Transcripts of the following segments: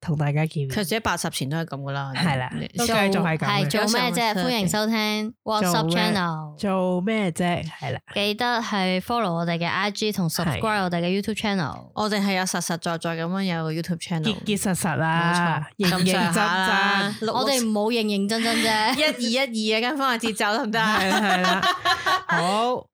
同大家見面，其實喺八十前都係咁噶啦，係啦，都繼續係咁。係做咩啫？歡迎收聽 Whatsuuup Channel。做咩啫？係啦，記得係 follow 我哋嘅 IG 同 subscribe 我哋嘅 YouTube Channel。我哋係有實實在在咁樣有個 YouTube Channel，結結實實啦，認認真真。我哋唔好認認真真啫，一二一二啊，跟翻下節奏得唔得？係啦，係啦，好。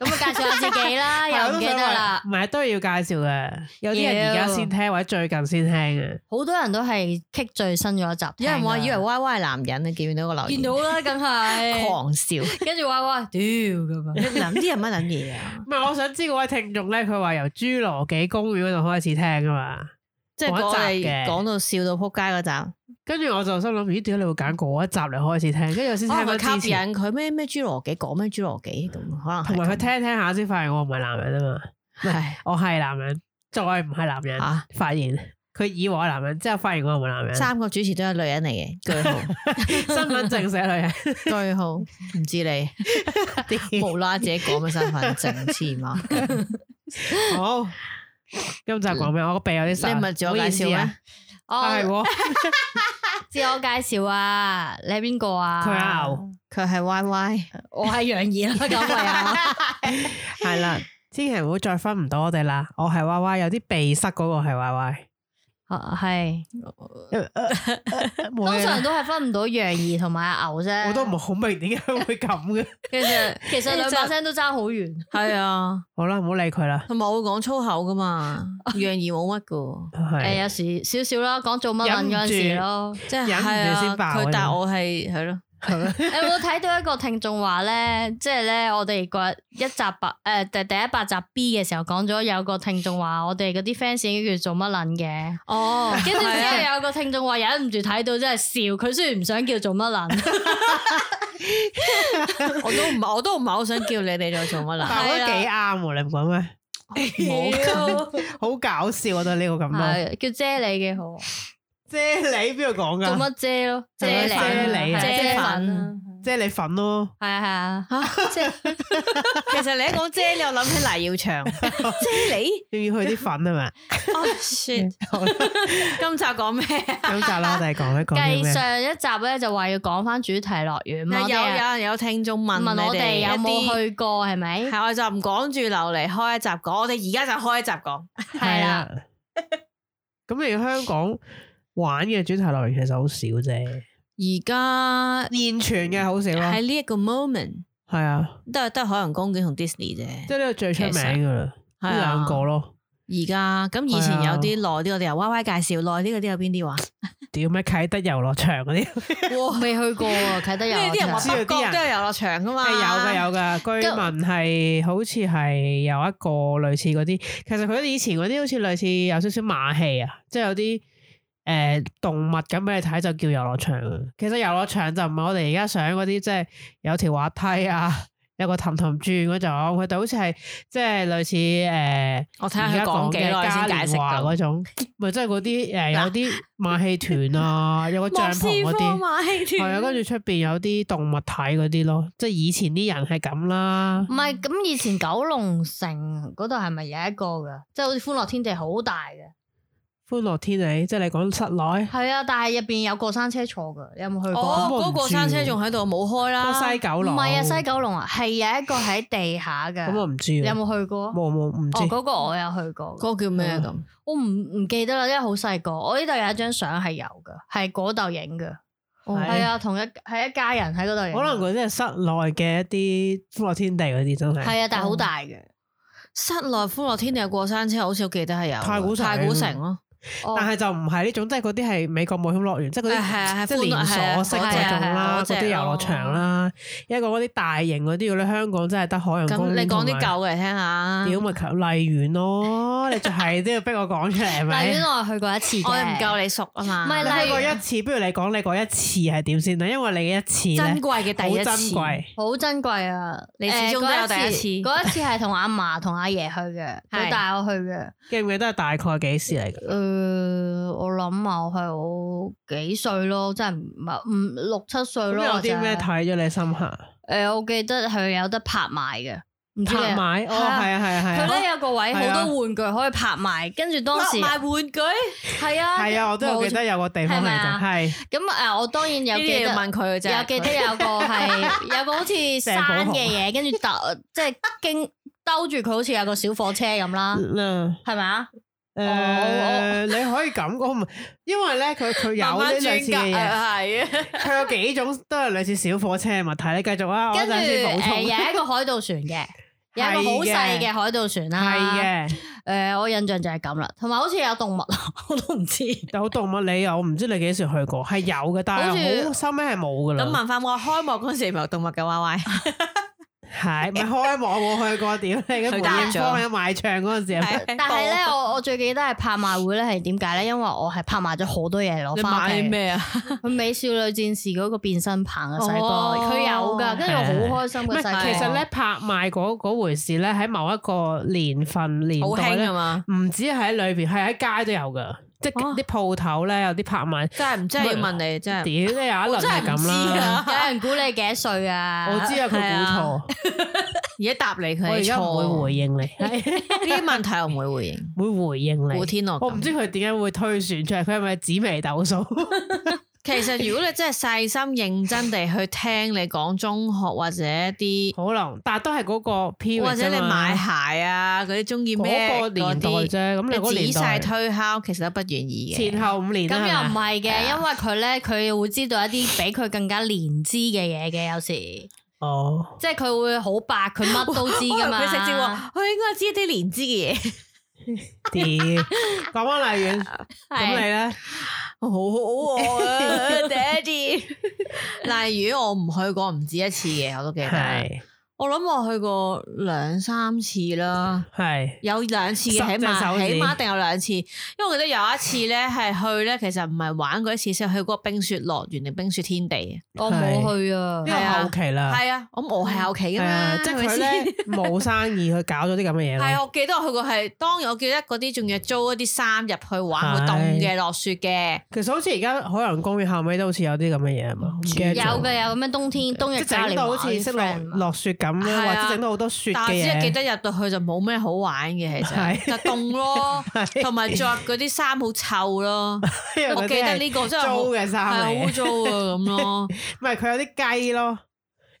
咁啊， 介紹下自己啦，有都記得啦，唔係都要介紹嘅，有啲人而家先聽或者最近先聽嘅，好 多人都係剔最新咗一集，有人話以為 Y Y 係男人啊，你見唔見到個留言，見到啦，梗係 狂笑，跟住 Y Y，屌咁啊！啲人乜撚嘢啊？唔係 我想知嗰位聽眾咧，佢話由侏羅紀公園嗰度開始聽㗎嘛。即係講嚟講到笑到扑街嗰集，跟住我就心諗咦，點解你會揀嗰一集嚟開始聽，跟住我先聽個主持人佢咩咩侏羅紀講咩侏羅紀，同、哦、可能同埋佢聽一聽一下先發現我唔係男人啊嘛，係唉我係男人，再唔係男人啊，發現佢以為男人，之後發現我唔係男人。三個主持都係女人嚟嘅，句號， 身份證寫女人， 句號，唔知你 無啦自己講嘅身份證先 嘛？ 好,好。今集就係講咩？我個鼻有啲塞，你係咪自我介紹啊？哦，係喎，自我介紹啊？你係邊個啊？佢 啊，佢係 Y Y，我係楊怡啦，各位啊，係啦，千祈唔好再分唔到我哋啦。我係 Y Y，有啲鼻塞嗰個係 Y Y。 啊，係，通常都係分唔到楊怡同埋阿牛啫。 我都唔係好明點解會咁嘅 。其實 其實兩把聲都爭好遠。係啊，好啦，唔好理佢啦。佢冇講粗口噶嘛，楊怡冇乜噶。係 是、欸、有時少少啦，講做乜嘢嗰陣時咯，即係，係啊，佢但係我係係咯。係， 有冇睇到一個聽眾話咧？即係咧，我哋個一集八、誒，第第一百集 B 嘅時候講咗，有個聽眾話我哋嗰啲 fans 叫做乜撚嘅？哦，跟住之後有個聽眾話忍唔住睇到真係笑，佢雖然唔想叫做乜撚， 我都唔，我都唔係好想叫你哋做做乜撚，但係都幾啱喎，你唔講咩？冇 、哦， 好搞笑，我覺得呢個咁樣，叫啫喱嘅好。啫喱邊度講噶？做乜啫咯？啫喱啫喱粉啫喱粉咯。係啊係啊。其實你一講啫喱，我諗起黎耀祥。啫喱仲要去啲粉係咪？哦，算。今集講咩？今集啦，我哋講一講繼上一集咧就話要講翻主題樂園。有有人有聽眾問問我哋有冇去過係咪？係我就唔講住留嚟開一集講，我哋而家就開一集講。係啊。咁譬如香港。玩嘅主題樂園其實好少啫，而家現存嘅好少咯。喺呢一個 moment，係啊，都係得海洋公園同 Disney 啫。即係呢個最出名噶啦，呢兩個咯。而家咁以前有啲耐啲，我哋由 Y Y 介紹耐啲嗰啲有邊啲玩？屌咩啟德遊樂場嗰啲？我未去過啊！啟德遊，啲人話發都係遊樂場噶嘛？有噶有噶，據聞係好似係有一個類似嗰啲，其實佢以前嗰啲好似類似有少少馬戲啊，即係有啲。誒、呃，動物咁俾你睇就叫遊樂場。其實遊樂場就唔係我哋而家想嗰啲，即係有條滑梯啊，有個氹氹轉嗰種。佢哋好似係即係類似誒，呃、我睇看而家講嘅嘉年華嗰種，講幾耐先解釋噶。咪即係嗰啲誒，有啲馬戲團啊，有個帳篷嗰啲。 馬戲團係啊，跟住出邊有啲動物睇嗰啲咯，即係以前啲人係咁啦。唔係咁，以前九龍城嗰度係咪有一個噶？即係好似歡樂天地好大嘅。歡樂天地，即係你講室內係啊，但係入邊有過山車坐嘅，你有冇去過？嗰個過山車仲喺度冇開啦。西九龍唔係啊，西九龍啊，係有一個喺地下嘅。咁我唔知啊。有冇去過？冇冇唔知。嗰個我有去過，嗰個叫咩咁？我唔唔記得啦，因為好細個。我呢度有一張相係有嘅，係嗰度影嘅，係啊，同一係一家人喺嗰度影。可能佢啲係室內嘅一啲歡樂天地嗰啲真係。係啊，但係好大嘅。室內歡樂天地嘅過山車，我好少記得係有。太古太古城咯。但係就唔係呢種，即係嗰啲係美國冒險樂園，即係嗰啲即連鎖式嗰種啦，嗰啲遊樂場啦。一個嗰啲大型嗰啲，香港真係得海洋公園。你講啲舊嘅嚟聽下，屌咪求荔園咯，你就係都要逼我講出嚟。荔園我係去過一次，我唔夠你熟啊嘛。唔係，你去過一次，不如你講你嗰一次係點先啦？因為你一次珍貴嘅第一次，好珍貴，好珍貴啊！你始終都有第一次，嗰一次，嗰一次係同阿嫲同阿爺去嘅，佢帶我去嘅。記唔記得係大概幾時嚟？誒，我諗啊，我係我幾歲咯，真係唔唔五六七歲咯。有啲咩睇咗你心下？誒，我記得佢有得拍賣嘅，唔拍賣哦，係啊係啊係啊。佢咧有個位好多玩具可以拍賣，跟住當時賣玩具係啊係啊，我都記得有個地方嚟嘅，係。咁誒，我當然有記得問佢，嘅。有記得有個係有個好似山嘅嘢，跟住特即係經兜住佢，好似有個小火車咁啦，係咪啊？誒，你可以咁講，因為咧佢佢有呢兩件嘢，係啊，佢有幾種都係類似小火車嘅問題。你繼續啊，我等陣先補充，有一個海盜船嘅，有一個好細嘅海盜船啦。係嘅，誒，我印象就係咁啦，同埋好似有動物，我都唔知有動物。你又唔知你幾時去過，係有嘅，但係好收尾係冇噶啦。咁文化我開幕嗰時冇動物嘅娃娃。係唔係 開幕我冇去過點？ 你喺梅艷芳一賣唱嗰陣時， 但係咧我我最記得係拍賣會咧，係點解咧？因為我係拍賣咗好多嘢攞翻。你賣咩啊？ 美少女戰士嗰個變身棒啊！細個佢有噶，跟住我好開心嘅細。唔 其實咧拍賣嗰回事咧，喺某一個年份年代係嘛，唔止喺裏邊，係喺街都有噶。即啲鋪頭咧，有啲拍賣，真係唔真係要問你，是真係屌，你有一輪係咁啦。了有人估你幾歲啊？我知是啊，佢估錯。而家答你佢錯，唔會回應你。呢啲 問題我唔會回應， 會回應你。古天樂，我唔知佢點解會推算出嚟，佢係咪紫微斗數？ 其實如果你真係細心認真地去聽你講中學或者啲可能，但係都係嗰個偏或者你買鞋啊，嗰啲中意咩年代啫，咁你仔細推敲，其實都不願意嘅。前後五年咁又唔係嘅，吧因為佢咧佢會知道一啲比佢更加年資嘅嘢嘅有時，哦，oh. 即係佢會好白，佢乜都知噶嘛，佢直接話佢應該知一啲年資嘅嘢。點咁阿荔園咁你咧？我好餓啊， 爹哋地，荔 園我唔去過唔止一次嘅，我都記得。我諗我去過兩三次啦，係是有兩次嘅，起碼起碼一定有兩次，因為我記得有一次咧係去咧，其實唔係玩過一次，先去嗰個冰雪樂園定冰雪天地，我冇是、oh, 去啊，因為後期啦，係啊，咁我係後期噶、啊、嘛！啊、即係佢咧冇生意，去搞咗啲咁嘅嘢。係啊， 我記得我去過係，當然我記得嗰啲仲要租一啲衫入去玩，會凍嘅落雪嘅。其實好似而家海洋公園後尾都好似有啲咁嘅嘢啊嘛，有嘅有咁樣冬天冬日嘉年華，好似識落雪咁。係啊！但係只係記得入到去就冇咩好玩嘅，其實是就凍咯，同埋着嗰啲衫好臭咯。 來是 我記得呢個真係污糟嘅衫，係好污糟啊咁咯。唔係佢有啲雞咯。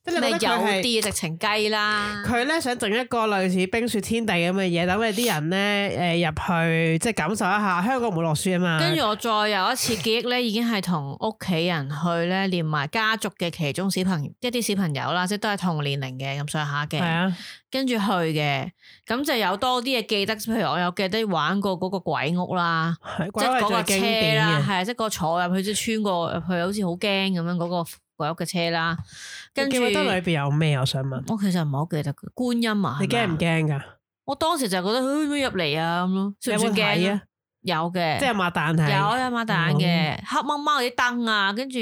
即係你覺得佢係有啲直情雞啦，佢咧想整一個類似冰雪天地咁嘅嘢，等你啲人咧誒入去，即係感受一下。香港唔會落雪啊嘛。跟住我再有一次記憶咧，已經係同屋企人去咧，連埋家族嘅其中小朋友一啲小朋友啦，即係都係同年齡嘅咁上下嘅。係啊。跟住去嘅，咁就有多啲嘢記得。譬如我有記得玩過嗰個鬼屋啦，屋即係嗰個車啦，係即係個坐入去即係穿過入去，好似好驚咁樣嗰個。鬼屋嘅車啦，跟住得裏邊有咩？我想問，我其實唔係好記得觀音啊。你驚唔驚噶？我當時就係覺得，誒，入嚟啊咁咯，有冇驚啊？有嘅，即係馬蛋係，有啊馬蛋嘅，黑掹掹啲燈啊，跟住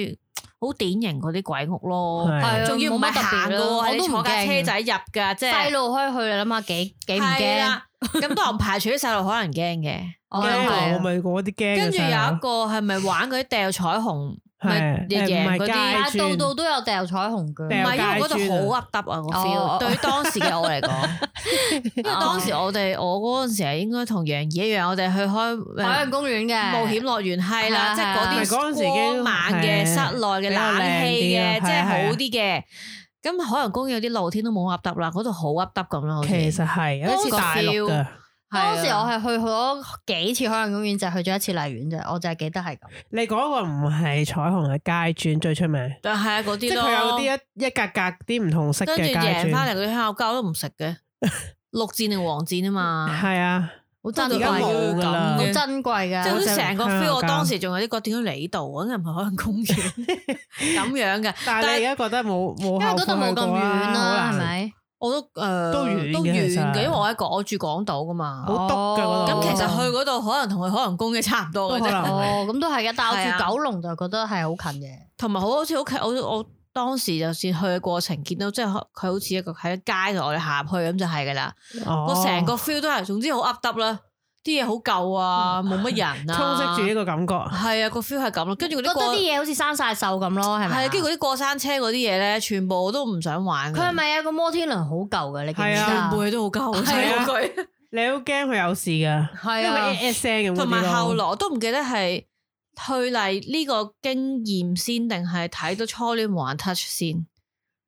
好典型嗰啲鬼屋咯，係啊，仲要冇乜特別咯，我都坐架車仔入噶，即係細路可以去啊？你諗下幾幾唔驚，咁多人排除啲細路可能驚嘅，我驚我咪我啲驚嘅。跟住有一個係咪玩嗰啲掟彩虹？係，啲嘢嗰啲，但係度都有掉彩虹嘅。唔係，因為嗰度好凹凸啊個 feel。對當時嘅我嚟講，因為當時我哋我嗰陣時係應該同楊怡一樣，我哋去開海洋公園嘅冒險樂園係啦，即係嗰啲光猛嘅室內嘅冷氣嘅，即係好啲嘅。咁海洋公園有啲露天都冇凹凸啦，嗰度好凹凸咁啦，好似。其實係，好似大當時我係去咗幾次海洋公園，就係去咗一次荔園啫，我就係記得係咁。你嗰個唔係彩虹嘅街磚最出名，但係啊嗰啲，即係佢有啲一一格格啲唔同色嘅街磚。跟住贏翻嚟嗰啲香口膠都唔食嘅，綠箭定黃箭啊嘛。係啊，好差而家冇咁好珍貴噶。即係成個 feel，我當時仲有啲、這個、 覺有，點解嚟呢度啊？因為唔係海洋公園咁樣嘅，但係你而家覺得冇，因為嗰度冇咁遠啦，係咪？我都誒都遠都遠嘅，因為我喺嗰，我住港島噶嘛，好篤嘅嗰度。咁其實去嗰度可能同佢可能公嘅差唔多嘅啫。咁都係但我住九龍就覺得係好近嘅。同埋好好似屋企。我我當時就算去嘅過程，見到即係佢好似一個喺街度，我哋行入去咁就係噶啦。我成個 feel 都係，總之好噏篤啦。啲嘢好舊啊，冇乜、嗯、人啊，充斥住呢個感覺。係啊，個 feel 係咁咯。跟住嗰啲過，覺得啲嘢好似生晒鏽咁咯，係咪？係跟住嗰啲過山車嗰啲嘢咧，全部我都唔想玩。佢係咪有個摩天輪好舊嘅？你見唔見啊？對，都好舊好佢，你好驚佢有事㗎？係啊，為啲啲聲咁。同埋後來我都唔記得係推嚟呢個經驗先，定係睇到初戀玩 touch 先。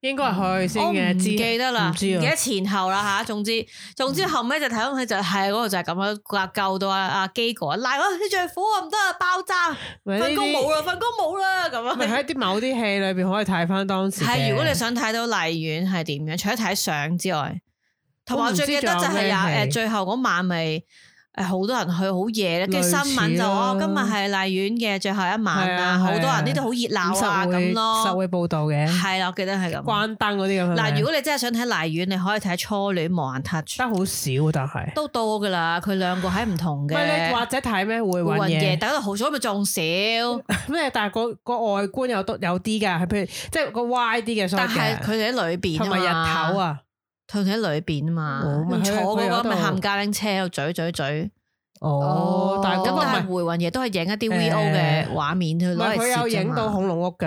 應該係去先嘅、嗯，我唔記得啦，唔記得前後啦吓，總之總之後尾就睇到佢就係嗰個就係咁樣，架救到阿、啊、阿、啊、基哥，拉啊你最苦啊，唔得啊爆炸，份工冇啦，份工冇啦咁樣，咪喺啲某啲戲裏邊可以睇翻當時係，如果你想睇到荔園係點樣，除咗睇相之外，同埋我，我最記得就係啊誒，最後嗰晚咪、就是。好多人去好夜咧，跟住新聞就哦，今日係荔園嘅最後一晚啊，好多人呢度好熱鬧啊咁咯，實會報導嘅。係啦，我記得係咁。關燈嗰啲咁。嗱，如果你真係想睇荔園，你可以睇《初戀無限 touch》。但好少，但係都多㗎啦。佢兩個喺唔同嘅。或者睇咩會揾嘢？但係好少，咪仲少咩？但係個個外觀有有啲㗎，譬如即係個歪啲嘅。但係佢哋喺裏邊同埋日頭啊佢喺裏邊啊嘛，坐嘅咪喊家領車，嘴嘴嘴。哦，但係咁都係回魂夜，都係影一啲 V O 嘅畫面去攞嚟攝啫嘛。咪佢有影到恐龍屋嘅，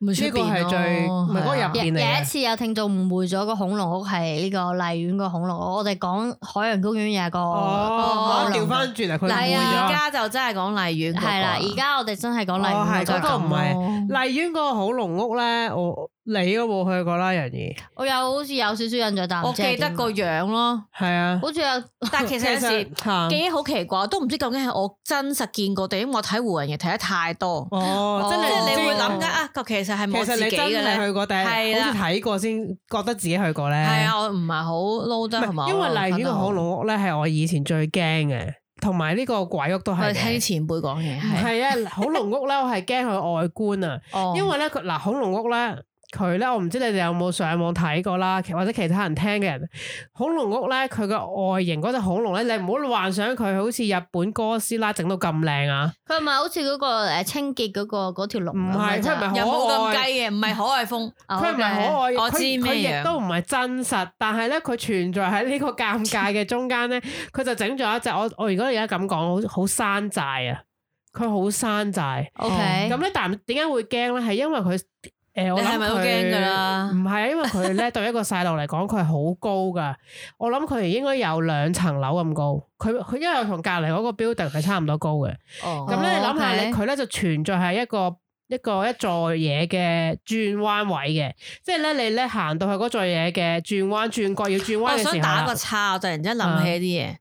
呢個係最咪嗰入邊有一次有聽眾誤會咗個恐龍屋係呢個荔園個恐龍屋，我哋講海洋公園有個哦，調翻轉啊！佢係啊，而家就真係講荔園係啦，而家我哋真係講荔園，真係唔係荔園個恐龍屋咧，我。你都冇去過啦，人妖。我有好似有少少印象，但係我記得個樣咯。係啊，好似有，但係其實有時記憶好奇怪，都唔知究竟係我真實見過定，因為我睇《胡人妖》睇得太多。哦，即係你會諗緊啊，其實係冇自己嘅。其實你真係去過定係好似睇過先覺得自己去過咧？係啊，我唔係好撈得係嘛。因為例如呢個恐龍屋咧係我以前最驚嘅，同埋呢個鬼屋都係聽前輩講嘢。係啊，恐龍屋咧，我係驚佢外觀啊，因為咧嗱恐龍屋咧。佢咧，我唔知你哋有冇上網睇過啦，或者其他人聽嘅人，恐龍屋咧，佢個外形嗰隻恐龍咧，你唔好幻想佢好似日本哥斯拉整到咁靚啊！佢係咪好似嗰、嗰個誒、呃、清潔嗰、嗰個嗰條龍，唔係佢唔係可愛咁雞嘅，唔係可愛風，佢唔係可愛，我知佢亦都唔係真實，但係咧，佢存在喺呢個尷尬嘅中間咧，佢 就整咗一隻我我如果而家咁講，好好山寨啊！佢好山寨、嗯、，OK，咁咧、嗯、但點解會驚咧？係因為佢。咪好驚噶、欸、我諗啦？唔係啊，因為佢咧 對一個細路嚟講，佢係好高噶。我諗佢應該有兩層樓咁高。佢佢因為同隔籬嗰個 building 係差唔多高嘅。哦，咁咧呢 okay 你諗下，你佢咧就存在係一個一個一座嘢嘅轉彎位嘅。即係咧，你咧行到去嗰座嘢嘅轉彎轉角要轉彎嘅時候，哦、想打個叉。突然之間諗起啲嘢，嗯、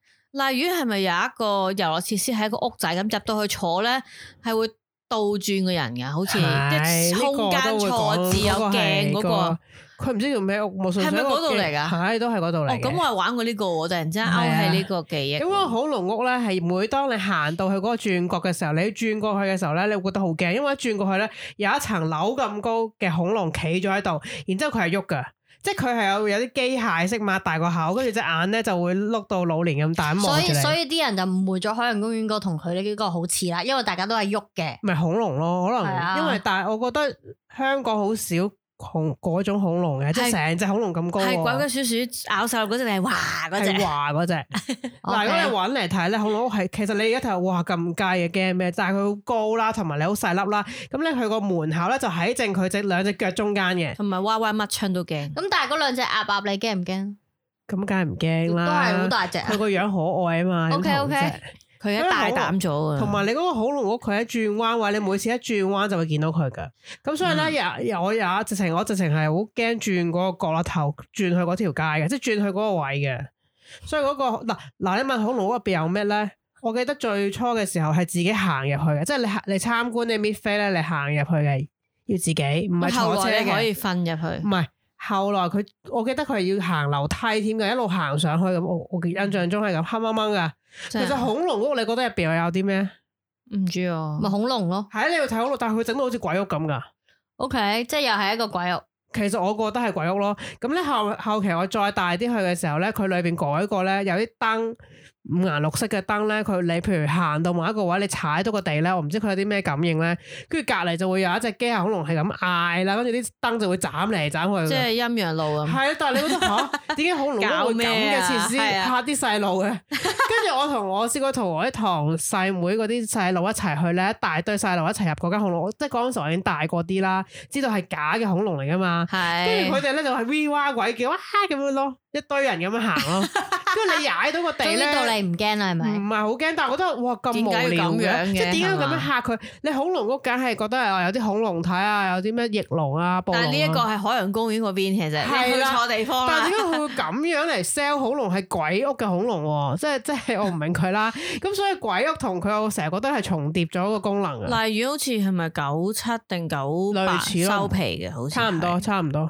例如係咪有一個遊樂設施喺個屋仔咁入到去坐咧，係會？倒轉個人㗎，好似一是空間坐字有鏡嗰個，那個，佢唔知叫咩屋，冇係咪嗰度嚟㗎？係、哎、都係嗰度嚟。咁、哦、我玩過呢、這個，我突然之間勾起呢個記憶、啊。因為恐龍屋咧，係每當你行到去嗰個轉角嘅時候，你轉過去嘅時候咧，你會覺得好驚，因為一轉過去咧有一層樓咁高嘅恐龍企咗喺度，然之後佢係喐㗎。即係佢係有有啲機械式擘大個口，跟住隻眼咧就會碌到老年咁大咁。所以所以啲人就誤會咗海洋公園嗰個同佢呢幾個好似啦，因為大家都係喐嘅。咪恐龍咯，可能因為、啊、但係我覺得香港好少。恐嗰種恐龍嘅，即係成隻恐龍咁高啊，係鬼鬼祟祟咬細粒嗰隻你係華嗰隻？係嗰隻。嗱， Okay. 如果你搵嚟睇咧，恐龍係其實你而家睇，哇咁雞嘅驚咩？就係佢好高啦，同埋你好細粒啦，咁咧佢個門口咧就喺正佢隻兩隻腳中間嘅，同埋歪歪乜槍都驚。咁但係嗰兩隻鴨鴨，你驚唔驚？咁梗係唔驚啦，都係好大隻。佢個樣可愛啊嘛。O K O K。Okay. 佢一大膽咗啊！同埋你嗰個恐龍屋，佢一轉彎位，嗯、你每次一轉彎就會見到佢噶。咁所以咧，有又、嗯、我又直情，我直情係好驚轉嗰個角落頭，轉去嗰條街嘅，即係轉去嗰個位嘅。所以嗰、嗰個嗱嗱，你問恐龍屋入邊有咩咧？我記得最初嘅時候係自己行入去嘅，即、就、係、是、你你參觀你 meet 飛咧，你行入去嘅，要自己唔係坐車嘅，你可以瞓入去，唔係。後來佢，我記得佢係要行樓梯添嘅，一路行上去咁。我我印象中係咁黑掹掹噶。喊喊喊的其實恐龍屋你覺得入邊有啲咩？唔知啊，咪恐龍咯。係你要睇恐龍，但係佢整到好似鬼屋咁噶。OK，即係又係一個鬼屋。其實我覺得係鬼屋咯。咁咧後後期我再大啲去嘅時候咧，佢裏邊改過咧，有啲燈。五顏六色嘅燈咧，佢你譬如行到某一個位，你踩到個地咧，我唔知佢有啲咩感應咧，跟住隔離就會有一隻機械恐龍係咁嗌啦，跟住啲燈就會斬嚟斬去。即係陰陽路啊！係啊，但係你覺得點解恐龍會咁嘅設施拍啲細路嘅？跟住我同我試過同我一堂細妹嗰啲細路一齊去咧，一大堆細路一齊入嗰間恐龍，即係嗰陣時我已經大過啲啦，知道係假嘅恐龍嚟噶嘛？係。跟住佢哋咧就係 w e 哇鬼叫哇咁樣咯，一堆人咁樣行咯。因為你踩到個地咧，呢度 你唔驚啦，係咪？唔係好驚，但係我覺得哇，咁無聊嘅，即係點解要咁樣嚇佢？吧你恐龍屋，梗係覺得啊，有啲恐龍睇啊，有啲咩翼龍啊，但係呢一個係海洋公園嗰邊，其實的你去錯地方啦 但係點解佢會咁樣嚟 sell 恐龍係鬼屋嘅恐龍啊？即係即係我唔明佢啦。咁 所以鬼屋同佢，我成日覺得係重疊咗個功能。荔園好似係咪九七定九八，收皮嘅，好似差唔多，差唔多。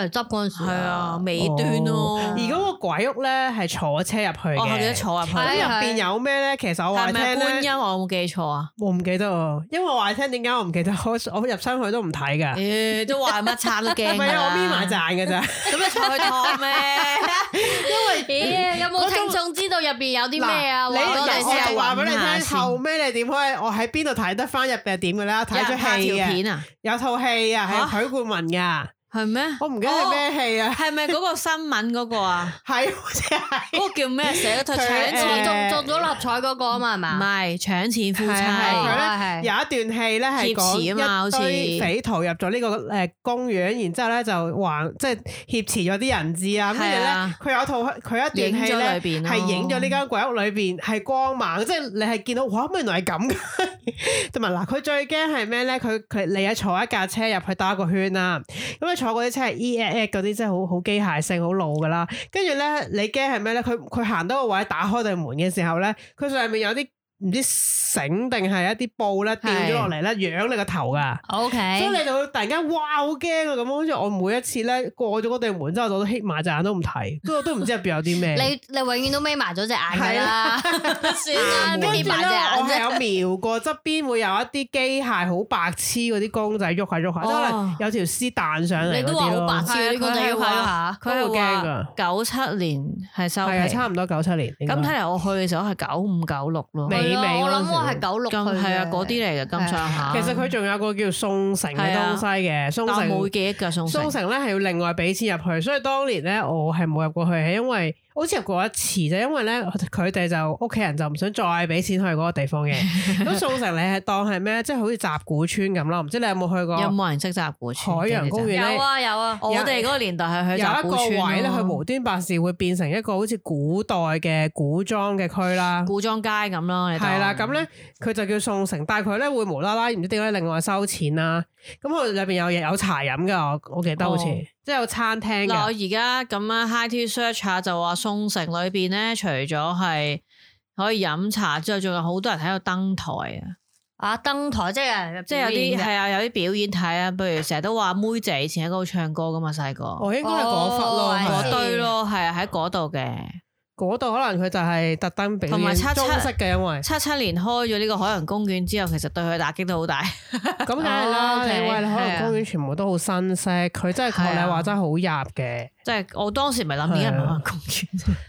嚟執嗰陣時係啊尾端咯，而嗰個鬼屋咧係坐車入去，坐入去，喺入邊有咩咧？其實我話你聽咧，係咪觀音？我冇記錯啊？我唔記得啊，因為我話你聽點解我唔記得？我入箱去都唔睇噶，都話乜餐都驚。唔係啊，我閉埋眼噶咋？咁你坐得開咩？因為咦，有冇聽眾知道入邊有啲咩啊？我哋又話俾你聽，後尾你點開？我喺邊度睇得翻入邊係點嘅咧？睇咗戲片啊，有套戲啊，係許冠文噶。係咩？我唔記得係咩戲啊！係咪嗰個新聞嗰個啊？係好似係嗰個叫咩？寫佢搶錢做咗立彩嗰個啊嘛？係咪？唔係搶錢夫妻，有一段戲咧係講一堆匪徒入咗呢個誒公園，然之後咧就還即係挾持咗啲人質啊！跟住咧佢有套佢一段戲咧係影咗呢間鬼屋裏邊係光猛，即係你係見到哇！原來係咁。同埋嗱，佢最驚係咩咧？佢佢你係坐一架車入去兜一個圈啊。咁坐嗰啲車係 EAA 嗰啲，真係好好機械性、好老噶啦。跟住咧，你驚係咩咧？佢佢行到個位打開對門嘅時候咧，佢上面有啲。唔知繩定係一啲布咧掉咗落嚟咧，養你個頭㗎。O、okay. K，所以你就會突然間哇好驚啊咁，好似我每一次咧過咗嗰道門之後，就都眯埋隻眼都唔睇，都不都都唔知入邊有啲咩。 你你永遠都眯埋咗隻眼㗎啦，啊、 算啦了，眯埋隻眼。我有瞄過側邊會有一啲機械好白痴嗰啲公仔喐下喐下，有條絲彈上嚟你都話好白痴啊，公仔要喐下，佢好驚㗎。九七年係收，係、哎、差唔多九七年。咁睇嚟我去嘅時候係九五九六咯。嗯、我諗我係九六去，係 啊嗰啲嚟嘅金上下。其實佢仲有個叫宋城嘅東西嘅，嗯、宋城冇記憶噶宋城。宋城咧係要另外俾錢入去，所以當年咧我係冇入過去，係因為。好似入過一次，就因為咧佢哋就屋企人就唔想再俾錢去嗰個地方嘅。咁宋城你係當係咩？即係好似集古村咁咯。唔知你有冇去過？有冇人識集古村？海洋公園有啊有啊。我哋嗰個年代係去集古村。有一個位咧，佢無端白事會變成一個好似古代嘅古裝嘅區啦，古裝街咁咯。係啦，咁咧佢就叫宋城，但係佢咧會無啦啦唔知點解另外收錢啦。咁佢入邊有嘢有茶飲㗎，我記得好似。即係有餐廳嘅。我而家咁樣 high tea search 下， Se arch，就話宋城裏邊咧，除咗係可以飲茶之外，仲有好多人喺度登台啊！啊，登台即係即係有啲係啊，有啲表演睇啊。不如成日都話妹仔以前喺嗰度唱歌噶嘛，細個。我、哦、應該係嗰忽咯，嗰堆咯，係啊，喺嗰度嘅。嗰度可能佢就係特登俾裝飾嘅，因為七七年開咗呢個海洋公園之後，其實對佢打擊都好大。咁梗係啦，因為海洋公園全部都好新式，佢真係學你話真係好入嘅。即係我當時咪諗點解海洋公園？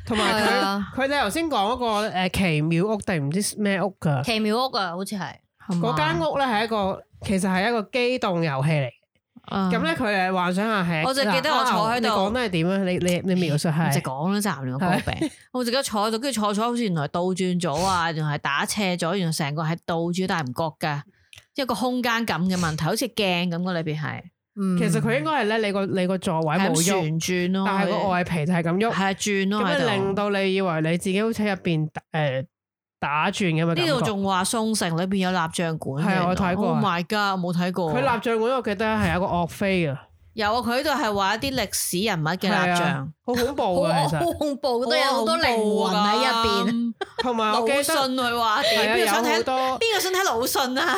同埋佢佢哋頭先講嗰個誒奇妙屋定唔知咩屋㗎？奇妙屋啊，好似係嗰間屋咧，係一個其實係一個機動遊戲嚟。咁咧佢，誒幻想係，我就記得我坐喺度。哦，你講得係點啊？你你你描述係，我直講咗站療個病，我自己的坐喺度，跟住坐坐，好似原來倒轉咗啊，原來係 打斜咗，原來成個係倒住，但係唔覺嘅，一個空間感嘅問題，好似鏡咁個裏邊係。嗯、其實佢應該係咧，你個你個座位冇喐，旋轉，但係個外皮就係咁喐，係轉咯，咁令到你以為你自己好似入邊誒。呃打轉咁啊！呢度仲話宋城裏面有蠟像館，係啊，我睇過。Oh my god！冇睇過佢蠟像館，我記得係有個岳飛啊。有啊，佢喺度係畫一啲歷史人物嘅蠟像，好恐怖啊！好恐怖，都有好多靈魂喺入邊。同埋我記得佢話，邊個想睇多？邊個想睇魯迅啊？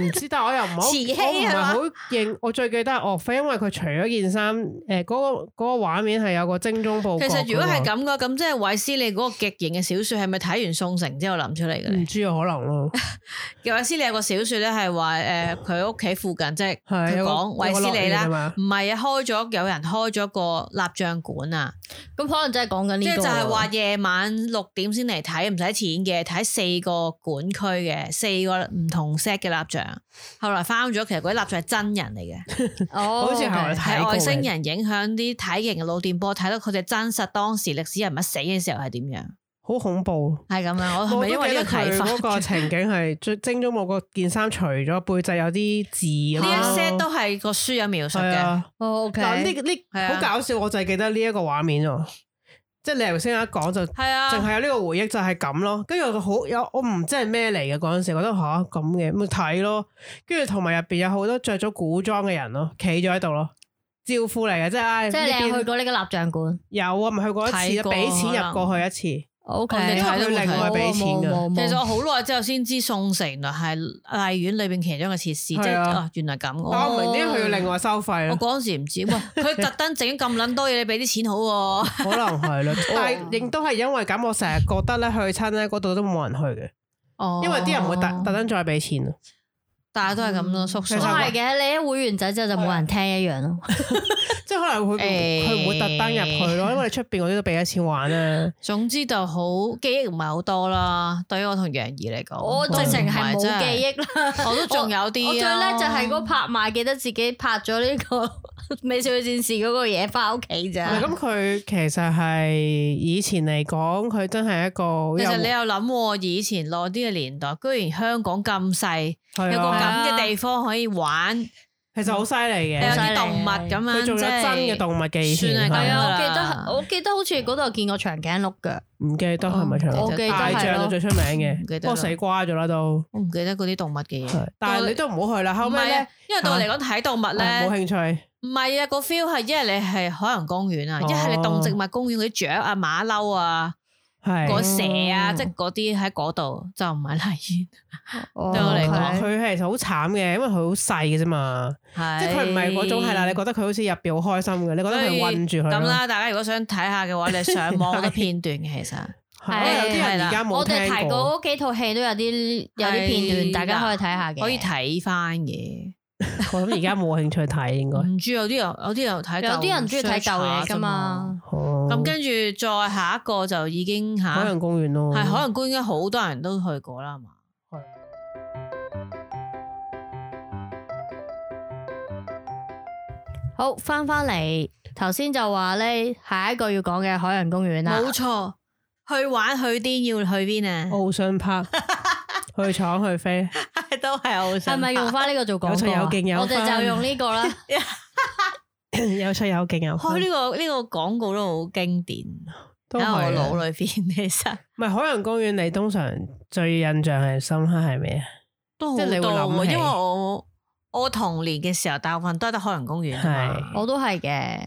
唔知，但我又唔好，我唔係好認。我最記得係岳飛，因為佢除咗件衫，誒，嗰個嗰個畫面係有個精忠報國。其實如果係咁嘅，咁即係韋斯利嗰個極型嘅小說，係咪睇完宋城之後諗出嚟嘅咧？唔知，有可能咯。韋斯利有個小說咧，係話誒，佢屋企附近即係佢講韋斯利啦。唔係啊！開咗有人開咗個蠟像館啊！咁可能真係講緊呢個，即係就係話夜晚六點先嚟睇，唔使錢嘅，睇四個管區嘅四個唔同 set 嘅蠟像。後來翻咗，其實嗰啲蠟像係真人嚟嘅。哦， 好似係外星人影響啲體型嘅腦電波，睇到佢哋真實當時歷史人物死嘅時候係點樣？好恐怖，係咁樣、啊。我係因為一個，個情景係，最征咗我個件衫，除咗背脊有啲字咁。呢一些一、啊、一都係個書有描述嘅。係啊，OK，嗱呢呢好搞笑，我就記得呢一個畫面咯、啊。即係你頭先一講就係啊，淨係有呢個回憶就係咁咯。跟住個好有，我唔知係咩嚟嘅嗰陣時，覺得吓咁嘅咪睇咯。跟住同埋入邊有好多着咗古裝嘅人咯、啊，企咗喺度咯，招呼嚟嘅即係。即係、啊、你有有邊去過呢個蠟像館？有啊，咪去過一次，俾錢入過去一次。O K，睇到另外俾錢嘅，其實我好耐之後先知，宋城啊，係荔園裏邊其中嘅設施，即係是、啊哦、原來咁。哦、我明啲，佢要另外收費。我嗰陣時唔知，佢 特登整咁撚多嘢，你俾啲錢好喎、啊。可能係啦， 但係亦都係因為咁，我成日覺得咧去親咧嗰度都冇人去嘅，哦、因為啲人唔會特特登再俾錢大家都係咁咯，縮曬嘅。叔叔嗯、你一會員仔之後就冇人聽一樣咯、啊，即係可能佢佢唔會特登入去咯，因為你出邊嗰啲都俾咗錢玩啦。總之就好記憶唔係好多啦。對於我同楊怡嚟講，我直情係冇記憶啦。我都仲有啲、啊，我最叻就係個拍賣記得自己拍咗呢、呢個美少女戰士嗰個嘢翻屋企咋。咁佢、嗯、其實係以前嚟講，佢真係一個有其實你又諗，以前耐啲嘅年代，居然香港咁細，一個。咁嘅地方可以玩，其實好犀利嘅，有啲動物咁樣，佢做咗真嘅動物嘅。算係咁啦。我記得我記得好似嗰度見過長頸鹿嘅，唔記得係咪長頸鹿？大象就最出名嘅，我死瓜咗啦都。我唔記得嗰啲動物嘅嘢，但係你都唔好去啦。後尾咧，因為對我嚟講睇動物咧冇興趣。唔係啊，個 feel 係因為你係海洋公園啊，一係你動植物公園嗰啲雀啊、馬騮啊。係蛇啊，嗯、即係嗰啲喺嗰度就唔係荔園，哦、對我嚟講，佢係好慘嘅，因為佢好細嘅啫嘛，即係佢唔係嗰種係啦。你覺得佢好似入邊好開心嘅，你覺得佢韞住佢咁啦，大家如果想睇下嘅話，你上網嘅片段其實係啦、啊，我哋提過嗰幾套戲都有啲有啲片段，大家可以睇下嘅，可以睇翻嘅。 我諗而家冇興趣睇，應該唔知有啲人有啲人睇，有啲人中意睇舊嘢噶嘛。咁跟住再下一個就已經吓、啊、海洋公園咯，係海洋公園應該好多人都去過啦嘛。係、嗯。好翻翻嚟，頭先就話咧，下一個要講嘅海洋公園啦。冇錯，去玩去邊要去邊啊？澳上拍。 去闖去飛， 都係好新。係咪用翻呢個做廣告？有趣有勁有。我哋就用呢個啦。有趣有勁有、這個。開、這、呢個呢個廣告都好經典，喺我腦裏邊。其實，唔係海洋公園，你通常最印象係深刻係咩啊？都好多，即係你會諗因為我我童年嘅時候大部分都係得海洋公園啊的我都係嘅。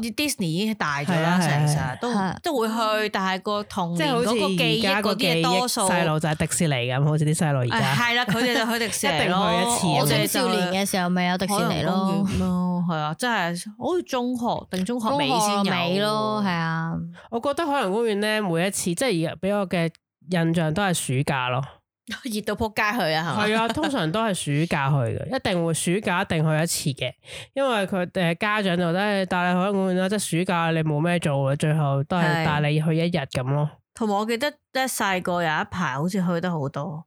Disney 已經大咗啦，成日、啊、都、啊、都會去，但係個童年嗰、嗰個記憶嗰啲多數細路仔迪士尼咁，好似啲細路而家係啦，佢哋、啊、就去迪士尼咯。 一我哋少年嘅時候咪有迪士尼咯，係啊，即係好似中學定中學尾先有尾尾咯，係啊。我覺得海洋公園咧，每一次即係而家俾我嘅印象都係暑假咯。熱到撲街去啊，係咪？係啊，通常都係暑假去嘅， 一定會暑假一定去一次嘅，因為佢哋誒家長就咧帶你去一啦，即係暑假你冇咩做，最後都係帶你去一日咁咯。同埋我記得咧，細個有一排好似去得好多，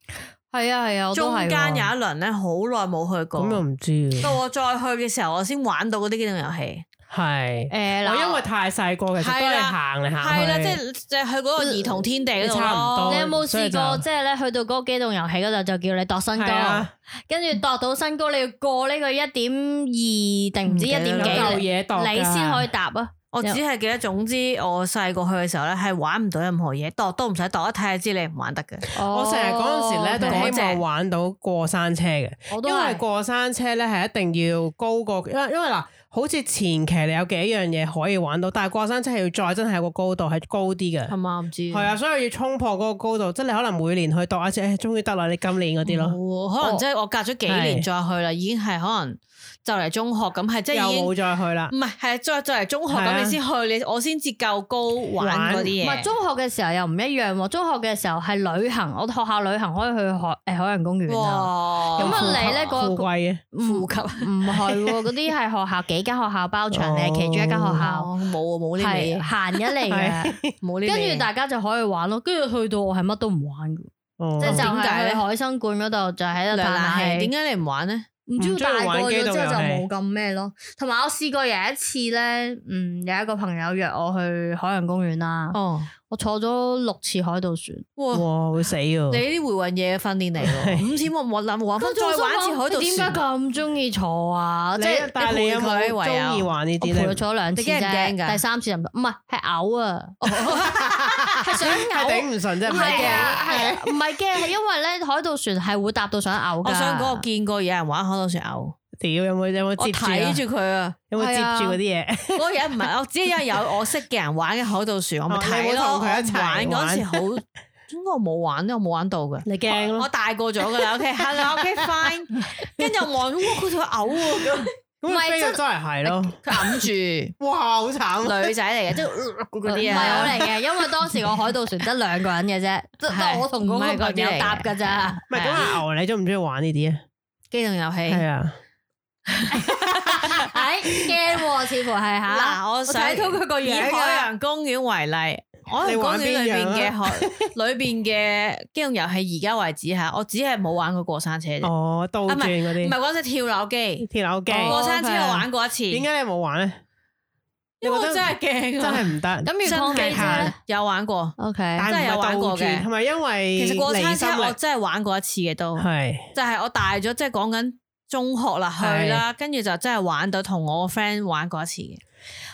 係啊係啊，中間有一輪咧好耐冇去過，咁又唔知。到我再去嘅時候，我先玩到嗰啲機動遊戲。係誒嗱，因為太細個嘅，只可以行嚟行去。係啦，即係即係去嗰個兒童天地度差唔多。你有冇試過？即係咧去到嗰個機動遊戲嗰度，就叫你度身高，跟住度到身高，你要過呢個一點二定唔知一點幾嘢度，你先可以搭啊！我只係記得，總之我細個去嘅時候咧，係玩唔到任何嘢，度都唔使度，一睇下知你唔玩得嘅。我成日嗰陣時咧都希望玩到過山車嘅，因為過山車咧係一定要高過，因因為嗱。好似前期你有幾樣嘢，可以玩到，但係過山車係要再真係有個高度係高啲嘅，係咪唔知，係啊，所以要衝破嗰個高度，即係你可能每年去度一次，誒、哎，終於得啦！你今年嗰啲咯，可能即係我隔咗幾年再去啦，是已經係可能。就嚟中學咁係，即係已經冇再去啦。唔係，係再再嚟中學咁，你先去，你我先至夠高玩嗰啲嘢。唔係，中學嘅時候又唔一樣喎。中學嘅時候係旅行，我學校旅行可以去海誒海洋公園。哇！咁我你咧，貴富貴唔係喎，嗰啲係學校幾間學校包場咧，其中一間學校冇冇呢啲嘢，閒一嚟嘅，冇呢。跟住大家就可以玩咯。跟住去到我係乜都唔玩噶，即係就係去海生館嗰度，就喺度嘆冷氣。點解你唔玩咧？唔知大個咗之後就冇咁咩咯，同埋我試過有一次咧，嗯，有一個朋友約我去海洋公園啦。嗯我坐咗六次海盜船，哇會死啊！你啲回魂夜嘅訓練嚟，咁點我唔玩？諗玩翻再玩一次海盜船？點解咁中意坐啊？即係但係你有冇中意玩呢啲咧？我坐咗兩次啫，第三次唔唔係係嘔啊，係想嘔頂唔順啫，唔係驚係唔係驚？係因為咧海盜船係會搭到想嘔噶。我想講我見過有人玩海盜船嘔。屌，有冇有冇接睇住佢啊，有冇接住嗰啲嘢？嗰個人唔係，我只係因為有我識嘅人玩嘅海盜船，我咪睇咯。佢一齊玩嗰時好？應該我冇玩咯，我冇玩到嘅。你驚我大個咗噶啦，OK，係啦，OK，fine。跟住望，哇！佢就嘔喎，咁唔係真係真係係咯。佢揞住。哇！好慘。女仔嚟嘅，即係嗰啲啊。唔係我嚟嘅，因為當時我海盜船得兩個人嘅啫，得得我同嗰個朋友搭噶咋。唔係嗰個牛，你中唔中意玩呢啲啊？機動遊戲。係啊。係驚，似乎係吓。嗱，我睇到佢個樣。以海洋公園為例，我喺公園裏邊嘅海裏邊嘅機動遊戲，而家為止吓，我只係冇玩過過山車哦，倒轉嗰啲，唔係嗰隻跳樓機。跳樓機、過山車我玩過一次。點解你冇玩咧？因為真係驚，真係唔得。咁要果係有玩過，OK，但係唔係倒轉，係咪因為其實過山車我真係玩過一次嘅都係，就係我大咗，即係講緊。中學啦，去啦是的，跟住就真係玩到同我個 friend 玩過一次嘅。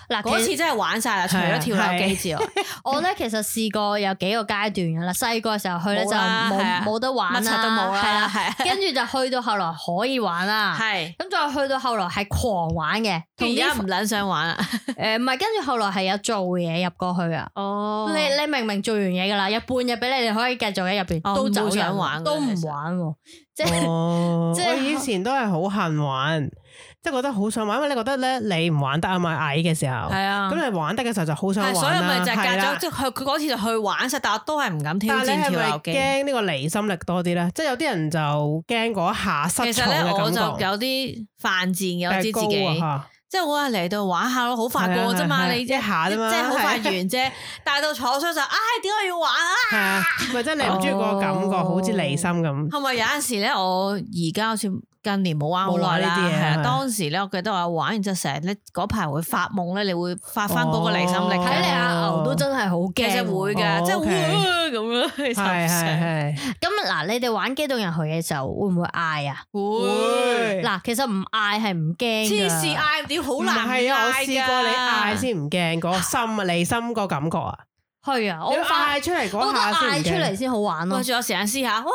嗱，嗰次真係玩晒啦，除咗跳樓機之外，我咧其實試過有幾個階段噶啦。細個嘅時候去咧就冇冇得玩啦，都冇啦，係啦係。跟住就去到後來可以玩啦，係。咁再去到後來係狂玩嘅，而家唔撚想玩啦。誒，唔係，跟住後來係有做嘢入過去啊。哦，你你明明做完嘢噶啦，有半日俾你哋可以繼續喺入邊，都唔想玩，都唔玩。即係我以前都係好恨玩。即係覺得好想玩，因為你覺得咧你唔玩得啊嘛矮嘅時候，咁你玩得嘅時候就好想玩。所以咪就係隔咗，即係佢嗰次就去玩曬，但係都係唔敢跳。但係你係咪驚呢個離心力多啲咧？即係有啲人就驚嗰下失重嘅感覺。其實我就有啲犯賤，有啲自己。即係我係嚟到玩下咯，好快過啫嘛，你一下啫嘛，好快完啫。但係到坐上就唉，點解要玩啊？咪真係你唔中意嗰個感覺，好似離心咁。係咪有陣時咧？我而家好似～近年冇玩好耐呢啲嘢，係啊！當時咧，我記得我玩完之後成日咧嗰排會發夢咧，你會發翻嗰個離心力。睇你阿牛都真係好驚，即係會㗎，即係會咁樣。係係係。咁嗱，你哋玩機動遊戲嘅時候會唔會嗌啊？會。嗱，其實唔嗌係唔驚。黐線嗌，點好難嗌㗎。我試過你嗌先唔驚，嗰個心啊，離心個感覺啊。係啊！要我快出嚟，啊，我，我，我常常都嗌出嚟先好玩咯。住我時間試下。哇！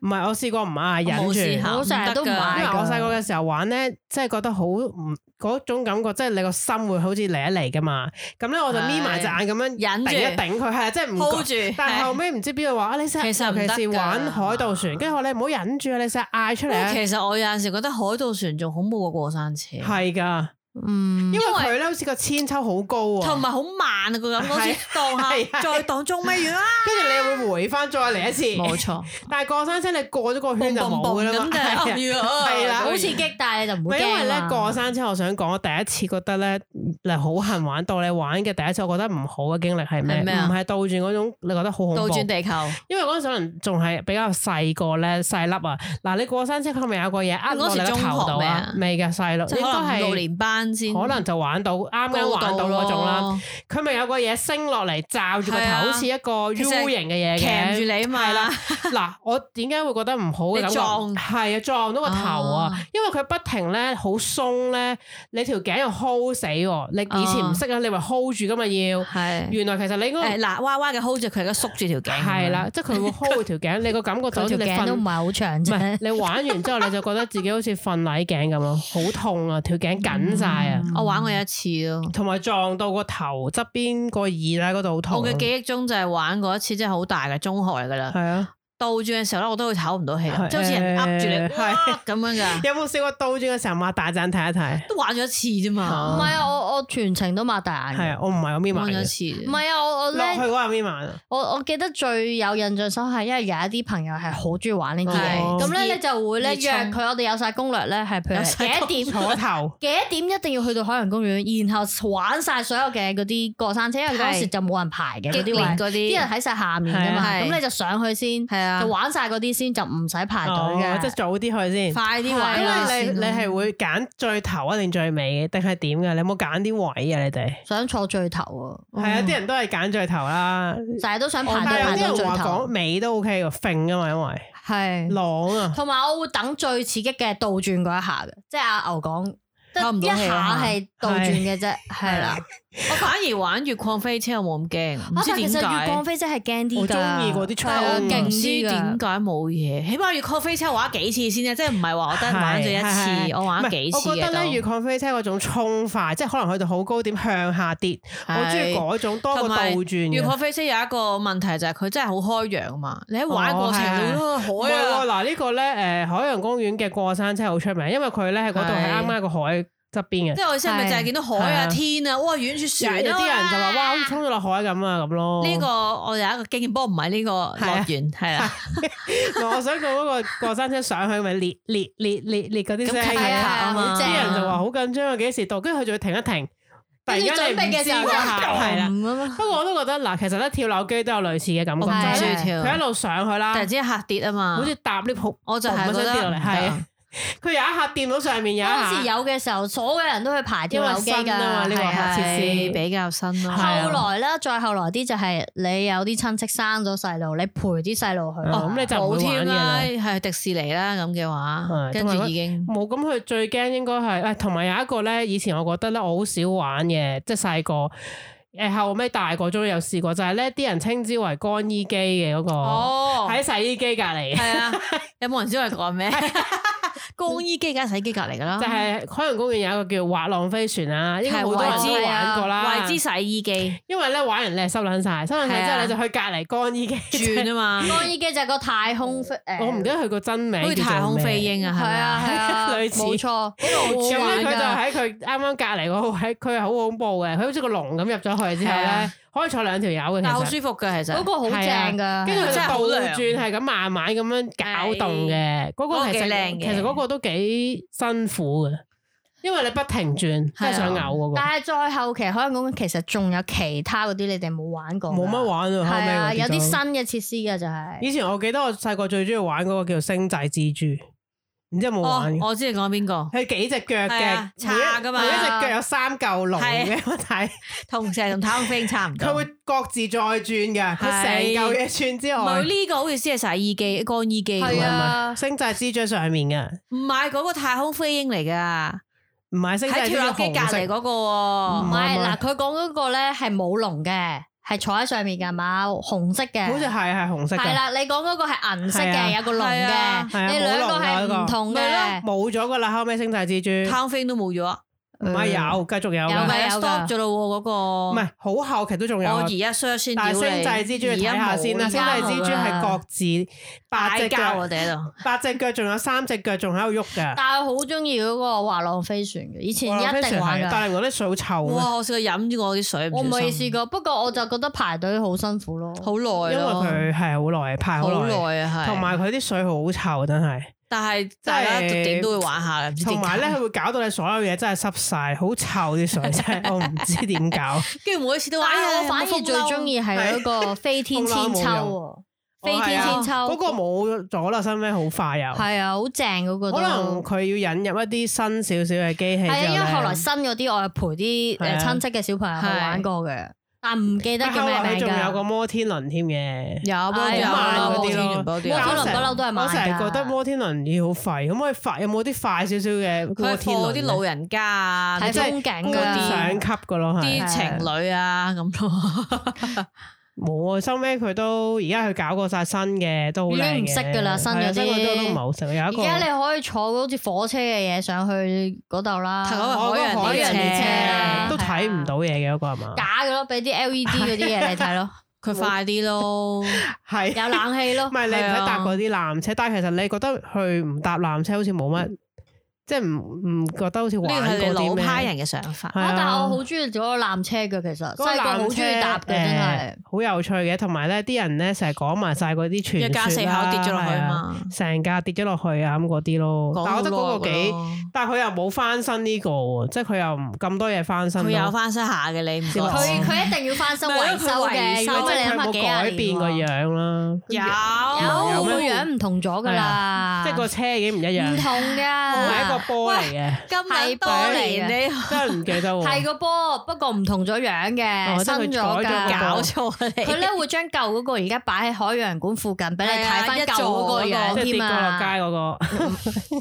唔係，我試過唔嗌，忍住，我成日都唔嗌。我細個嘅時候玩咧，即係覺得好唔嗰種感覺，即係你個心會好似嚟一嚟噶嘛。咁咧的我就眯埋隻眼咁樣忍住一頂佢，係啊著，即係唔 hold 住。但後尾唔知邊個話啊，你成日尤其是玩海盜船，跟住我你唔好忍住啊，你成日嗌出嚟。其實我有陣時覺得海盜船仲恐怖過過山車。係噶。嗯，因為佢咧好似個千秋好高喎，同埋好慢啊個感覺，好似蕩下再蕩中尾段啦。跟住你會回翻，再嚟一次。冇錯，但係過山車你過咗個圈就冇啦。咁就係係啦，好刺激，但係你就唔好驚。因為咧過山車，我想講我第一次覺得咧，嗱好恨玩到你玩嘅第一次，我覺得唔好嘅經歷係咩？唔係倒轉嗰種，你覺得好恐怖？倒轉地球。因為嗰陣時可能仲係比較細個咧，細粒啊！嗱，你過山車後面有個嘢壓過你個頭度啊？未嘅細粒，應該係六年班。可能就玩到啱啱玩到嗰種啦，佢咪有個嘢升落嚟罩住個頭，好似一個 U 型嘅嘢嘅，夾住你嘛。嗱，我點解會覺得唔好嘅？撞係啊，撞到個頭啊，因為佢不停咧，好鬆咧，你條頸又 hold 死喎。你以前唔識啊，你話 hold 住噶嘛要？係原來其實你嗰個嗱歪歪嘅 hold 住佢而家，縮住條頸，係啦，即係佢會 hold 條頸，你個感覺就好似條頸都唔係好長啫。你玩完之後你就覺得自己好似瞓捩頸咁咯，好痛啊，條頸緊晒。嗯、我玩過一次咯，同埋撞到個頭側邊個耳咧，嗰度痛。我嘅記憶中就係玩過一次，即係好大嘅中學嚟㗎喇。倒轉嘅時候咧，我都會唞唔到氣，就好似人壓住你哇咁樣噶。有冇試過倒轉嘅時候擘大眼睇一睇？都玩咗一次啫嘛，唔係啊，我我全程都擘大眼，係啊，我唔係我眯埋玩咗一次，唔係啊，我我去玩下眯埋。我我記得最有印象，首先係因為有一啲朋友係好中意玩呢啲，咁咧你就會咧約佢，我哋有晒攻略咧，係譬如幾點坐頭，幾點一定要去到海洋公園，然後玩晒所有嘅嗰啲過山車，因為嗰時就冇人排嘅，激啲位，啲人喺晒下面噶嘛，咁你就上去先。就玩晒嗰啲先，就唔使排隊嘅、哦，即係早啲去先，快啲玩。因為的你你係會揀最頭啊定最尾嘅，定係點噶？你有冇揀啲位啊？你哋想坐最頭啊？係、嗯、啊，啲人都係揀最頭啦，成日、嗯、都想排到、哦、排到頭。有啲人話講尾都 OK 噶，揈啊嘛，因為係狼的啊。同埋我會等最刺激嘅倒轉嗰一下嘅，即係阿牛講。一下係倒轉嘅啫，係啦。我反而玩越礦飛車冇咁驚，唔知點解。越礦飛車係驚啲噶，我中意嗰啲衝勁啲。點解冇嘢？起碼越礦飛車我玩幾次先啊，即係唔係話我得玩咗一次，我玩幾次？我覺得咧越礦飛車嗰種衝快，即係可能去到好高點向下跌，我中意嗰種多過倒轉。越礦飛車有一個問題就係佢真係好開揚嘛，你喺玩嗰時都係海啊嗱。呢個咧誒海洋公園嘅過山車好出名，因為佢咧喺嗰度係啱啱個海。側邊嘅，即係我哋咪就係見到海啊、天啊，哇遠處船啦，有啲人就話哇好似衝咗落海咁啊咁咯。呢個我有一個經驗，不過唔係呢個樂園係啦。我想講嗰個過山車上去咪列列列列列嗰啲聲，有啲人就話好緊張啊，幾時到？跟住佢仲要停一停，突然間唔知。係啦，不過我都覺得嗱，其實咧跳樓機都有類似嘅感覺，佢一路上去啦，突然之間跌啊嘛，好似搭 lift，我就係覺得係。佢有一下電腦上面有一下，當時，有嘅時候，所有人都去排跳樓機噶嘛，因為呢個設施比較新咯。後來咧，再後來啲就係你有啲親戚生咗細路，你陪啲細路去。咁你就唔會玩係迪士尼啦，咁嘅話，跟住已經冇。咁佢最驚應該係誒，同埋有一個咧，以前我覺得咧，我好少玩嘅，即係細個誒，後尾大個終於有試過，就係咧啲人稱之為乾衣機嘅嗰個。哦，喺洗衣機隔籬係啊？有冇人知道係講咩？乾衣機梗係洗衣機隔籬噶啦，就係海洋公園有一個叫滑浪飛船啊，應該好多人都玩過啦。為、啊、之洗衣機，因為咧玩人咧收捻晒，收捻晒之後你就去隔籬乾衣機轉啊 嘛。乾 衣機就係個太空飛誒，呃、我唔記得佢個真名，好似太空飛鷹啊，係麼啊係、啊、類似，冇錯，好 剛剛恐怖。咁咧佢就喺佢啱啱隔籬嗰個位，佢係好恐怖嘅，佢好似個龍咁入咗去之後咧。可以坐兩條友嘅，好舒服嘅，其實嗰個好正嘅。跟住佢真係倒轉，係咁慢慢咁樣搞動嘅。嗰、啊、個其實個其實嗰個都幾辛苦嘅，因為你不停轉，啊、真係想嘔嗰、嗰個。但係再後期海洋公園其實仲有其他嗰啲，你哋冇玩過？冇乜玩後啊，係有啲新嘅設施嘅就係、係。以前我記得我細個最中意玩嗰個叫星際蜘蛛。然之後冇玩。我知你講邊個？佢幾隻腳嘅？係啊，差噶嘛？每一隻腳有三嚿龍嘅，我睇？同成同太空飛鷹差唔多。佢會各自再轉嘅，佢成嚿嘢轉之外。唔係呢個好似先係洗衣機、乾衣機啊？星仔絲在上面嘅。唔係嗰個太空飛鷹嚟噶，唔係星仔喺脫落機隔籬嗰個。唔係嗱，佢講嗰個咧係冇龍嘅。係坐喺上面噶嘛，紅色嘅，好似係係紅色嘅。係啦，你講嗰個係銀色嘅，啊、有個籠嘅。啊啊、你兩個係唔同嘅。冇咗、啊這個啦，後尾星際蜘蛛。湯飛都冇咗。唔咪有，繼續有。又咪 stop 咗咯？嗰個唔係好後期都仲有。我而家 search 先，但係星際蜘蛛家下先啦。星際蜘蛛係各自八隻腳我哋喺度。八隻腳仲有三隻腳仲喺度喐嘅。但係我好中意嗰個滑浪飛船嘅，以前一定玩嘅。但係我啲水好臭。哇！我試過飲我啲水，我唔未試過，不過我就覺得排隊好辛苦咯，好耐，因為佢係好耐，排好耐，同埋佢啲水好臭，真係。但係，大家點都都會玩下同埋咧，佢常會搞到你所有嘢真係濕晒，好臭啲水，真 我唔知點搞。跟住 每一次都玩。但係我反而最中意係一個飛天千秋。飛 天千秋，嗰個冇咗啦，新飛好快又。係啊，好正嗰個。可能佢要引入一啲新少少嘅機器。係啊，因為後來新嗰啲，我陪啲誒親戚嘅小朋友去玩過嘅。但唔、啊、記得叫咩名嘅。仲有個摩天輪添嘅，有摩天輪嗰啲咯。摩天輪不嬲都係慢嘅。我成日覺得摩天輪要好快，咁可以快？有冇啲快少少嘅摩天輪？啲老人家睇風景嗰啲，高級嘅咯，啲是情侶啊咁咯。 冇啊，收尾佢都而家佢搞過晒新嘅，都好靚嘅。已都唔識噶啦，新嗰啲。而家你可以坐好似火車嘅嘢上去嗰度啦。海洋嘅車都睇唔到嘢嘅嗰個係嘛？假嘅咯，俾啲 LED 嗰啲嘢你睇咯。佢快啲咯，係有冷氣咯。唔係你唔使搭嗰啲纜車，但係其實你覺得去唔搭纜車好似冇乜。即係唔唔覺得好似玩嗰啲咩？呢係老派人嘅想法。但係我好中意做個纜車嘅，其實細個好中意搭嘅，係好有趣嘅。同埋咧，啲人咧成日講埋晒嗰啲傳說跌咗落去啊，成架跌咗落去啊咁嗰啲咯。但我覺得嗰個幾，但係佢又冇翻身呢個啊，即係佢又咁多嘢翻身，佢有翻身下嘅，你唔？佢佢一定要翻新，因為佢修嘅，因為佢冇改變個樣啦。有有個樣唔同咗噶啦，即係個車已經唔一樣。唔同噶。波嚟嘅，今年波嚟嘅，真係唔記得喎。係個波，不過唔同咗樣嘅，新咗噶，搞錯嚟。佢咧會將舊嗰個而家擺喺海洋館附近，俾你睇翻舊嗰個樣添啊。跌落街嗰個，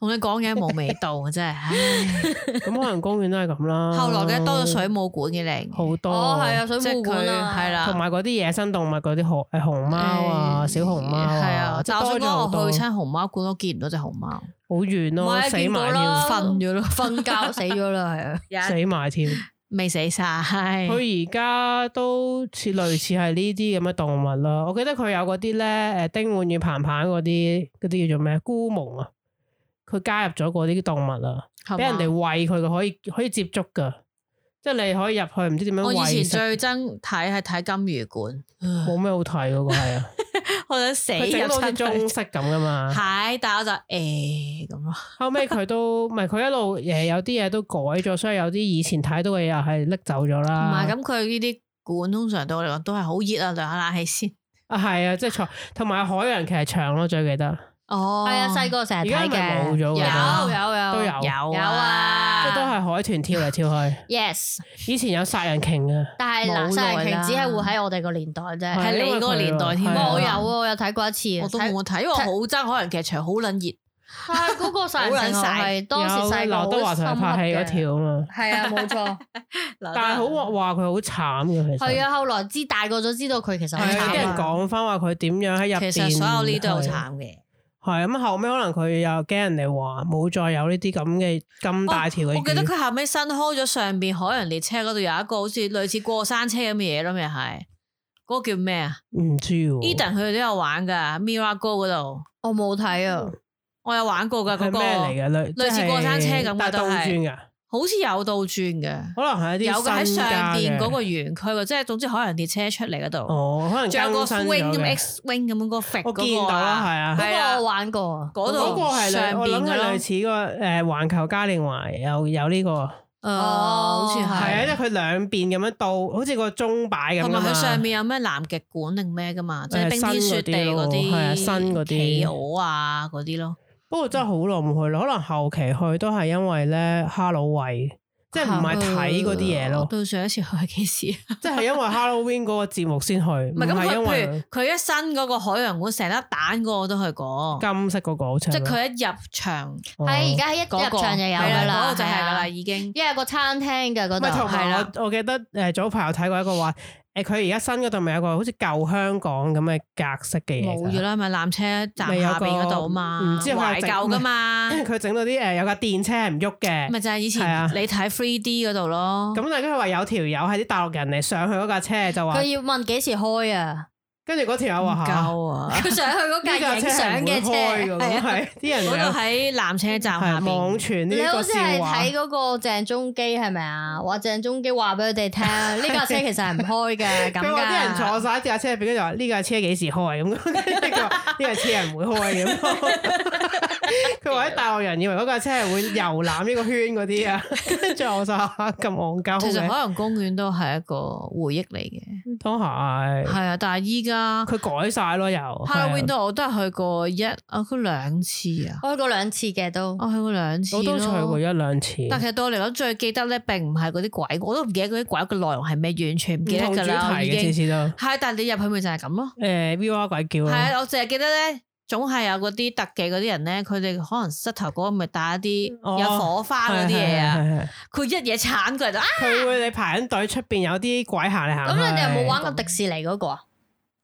同你講嘢冇味道啊！真係，咁可能公園都係咁啦。後來咧多咗水母館嘅靚，好多係啊，水母館係啦，同埋嗰啲野生動物嗰啲熊，係熊貓啊，小熊貓啊，係啊，就算我去親熊貓館都見唔到隻熊貓。好遠咯，死埋添，瞓咗咯，瞓覺死咗啦，係啊，是死埋添、啊，未死晒、啊。佢而家都似類似係呢啲咁嘅動物咯。我記得佢有嗰啲咧，誒、呃，丁滿月盆盆盆、彭彭嗰啲，嗰啲叫做咩？狐獴啊，佢加入咗嗰啲動物啊，俾嗎人哋喂佢嘅，可以可以接觸噶。即、就、係、是、你可以入去，唔知點樣餵。我以前最憎睇係睇金魚館，冇咩唉好睇嗰個係啊。 我想死得好似中式咁噶嘛，係，但我就誒咁咯。欸、後尾佢都唔係佢一路誒有啲嘢都改咗，所以有啲以前睇到嘅嘢又係拎走咗啦。唔係咁，佢呢啲館通常對我嚟講都係好熱啊，涼下冷氣先。啊，係啊，即係坐，同埋海洋其實長咯，最記得。哦，係啊，細個成日睇嘅，冇咗有有有，都有有有啊，都係海豚跳嚟跳去。Yes，以前有殺人鯨啊。但係嗱，殺人鯨只係會喺我哋個年代啫，係你個年代添。我有啊，我有睇過一次，我都冇睇，因為我好憎可能劇場好撚熱。啊，嗰個殺人鯨係當時細個好心痛嘅。係劉德華同佢拍戲嗰條啊嘛。係啊，冇錯。但係好話佢好慘嘅，其實係啊。後來知大個咗，知道佢其實係。啲人講翻話佢點樣喺入邊，其實所有呢都好慘嘅。係咁啊！後尾可能佢又驚人哋話冇再有呢啲咁嘅咁大條嘅。我記得佢後尾新開咗上邊海洋列車嗰度有一個好似類似過山車咁嘅嘢咯，咪係嗰個叫咩啊？唔知。Eden 佢哋都有玩噶，Miracle 嗰度。我冇睇啊，我有玩過噶個咩嚟嘅，嗰個類,就是、類似過山車咁嘅但係都好專㗎。好似有倒轉嘅，可能係一啲喺上邊嗰個園區，即係總之可能列車出嚟嗰度。哦，可能仲有個 Swing 咁，X-wing 咁個 fit 嗰個。我見到係啊，嗰個我玩過，嗰個係上邊嘅類似個誒環球嘉年華又有呢個，哦，好似係。係啊，即係佢兩邊咁樣倒，好似個鐘擺咁。同埋佢上面有咩南極館定咩噶嘛？即係冰天雪地嗰啲，係啊，新嗰啲企鵝啊嗰啲咯。不過真係好耐唔去咯，可能後期去都係因為咧，Halloween 即係唔係睇嗰啲嘢咯。到上一次去係幾時 即係因為 Halloween 嗰個節目先去。唔係咁因佢佢一新嗰個海洋館成粒蛋嗰個都去過，金色嗰個好似。即係佢一入場，喺而家一入場就有啦，嗰、嗰個嗰個就係噶啦，啊、已經。因為個餐廳嘅嗰度係啦。我了我記得誒，早排有睇過一個話。佢而家新嗰度咪有個好似舊香港咁嘅格式嘅嘢，冇嘢啦，咪纜車站下邊嗰度嘛，唔知佢整舊噶嘛，佢整到啲誒有架電車係唔喐嘅，咪就係以前你睇 three D 嗰度咯。咁但係佢話有條友係啲大陸人嚟上去嗰架車就話，佢要問幾時開啊？跟住嗰條友話啊，佢上去嗰架影相嘅車，係啲人度喺纜車站下邊，網傳呢個笑話。好似係睇嗰個鄭中基係咪啊？話鄭中基話俾佢哋聽，呢架車其實係唔開嘅咁。佢話啲人坐晒喺架車入邊，佢跟住話呢架車幾時開咁？呢架車唔會開嘅。佢話喺大陸人以為嗰架車係會遊覽呢個圈嗰啲啊，跟住我，就咁戇交。其實海洋公園都係一個回憶嚟嘅，都係係啊，但係依家。佢改晒咯，又。Power Window 我都係去過一，我去兩次啊，我去過兩次嘅都，我去過兩次。我都去過一兩次。但其實對我嚟講，最記得咧，並唔係嗰啲鬼，我都唔記得嗰啲鬼嘅內容係咩，完全唔記得噶啦。已經。係，但係你入去咪就係咁咯。誒，V R 鬼叫。係啊，我淨係記得咧，總係有嗰啲特技嗰啲人咧，佢哋可能膝頭哥咪打一啲有火花嗰啲嘢啊，佢一嘢鏟過嚟。佢會你排緊隊，出邊有啲鬼行嚟行。咁你哋有冇玩過迪士尼嗰個啊？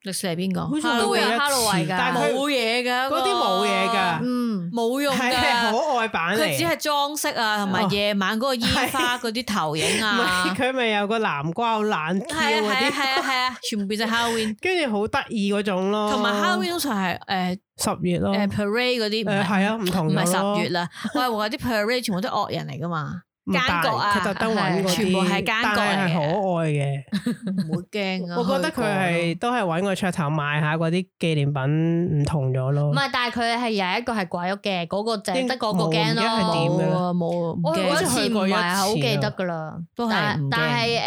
歷史係邊個？係都有 Halloween 噶，但係冇嘢噶，嗰啲冇嘢噶，嗯，冇用噶，可愛版嚟。佢只係裝飾啊，同埋夜晚嗰個煙花嗰啲投影啊。佢咪有個南瓜好難雕嗰啲係啊係啊係啊，全部變晒 Halloween，跟住好得意嗰種咯。同埋 Halloween 通常係誒十月咯，誒 parade 嗰啲唔係啊，唔同唔係十月啦。喂，話啲 parade 全部都惡人嚟噶嘛？奸角啊，佢特登全部係奸角，但係係可愛嘅，唔會驚。我覺得佢係都係揾個噱頭賣下嗰啲紀念品，唔同咗咯。唔係，但係佢係有一個係鬼屋嘅，嗰個整得嗰個驚咯，冇。我嗰次唔係啊，好記得㗎喇，但係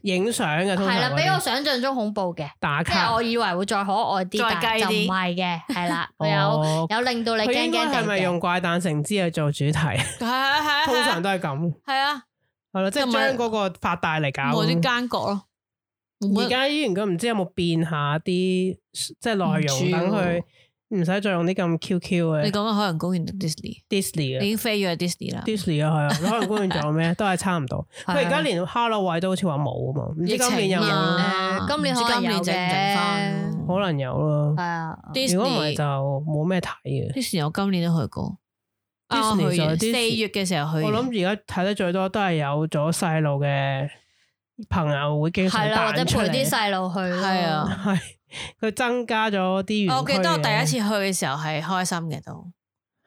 誒，影相嘅通常係啦，比我想象中恐怖嘅，即係我以為會再可愛啲，但係就唔係嘅，係啦，有有令到你驚驚地。佢應該係咪用怪誕城之去做主題？通常都係咁。係啊，係咯，即係將嗰個放大嚟，搞嗰啲間角咯。而家依然都唔知有冇變一下啲即係內容，等佢唔使再用啲咁 Q Q 嘅。你講緊海洋公園迪士尼？迪士尼啊，已經飛咗去迪士尼啦。迪士尼啊，係啊，海洋公園仲有咩？都係差唔多。佢而家連哈囉喂都好似話冇啊嘛，唔知今年有冇咧？啊、今年可能有啫，可能有咯。係啊迪士尼，如果唔係就冇咩睇嘅。迪士尼我今年都去過。Disney 咗啲四月嘅時候去，我諗而家睇得最多都係有咗細路嘅朋友會經常帶出嚟，或者陪啲細路去，係啊，係佢增加咗啲。我記得我第一次去嘅時候係開心嘅，都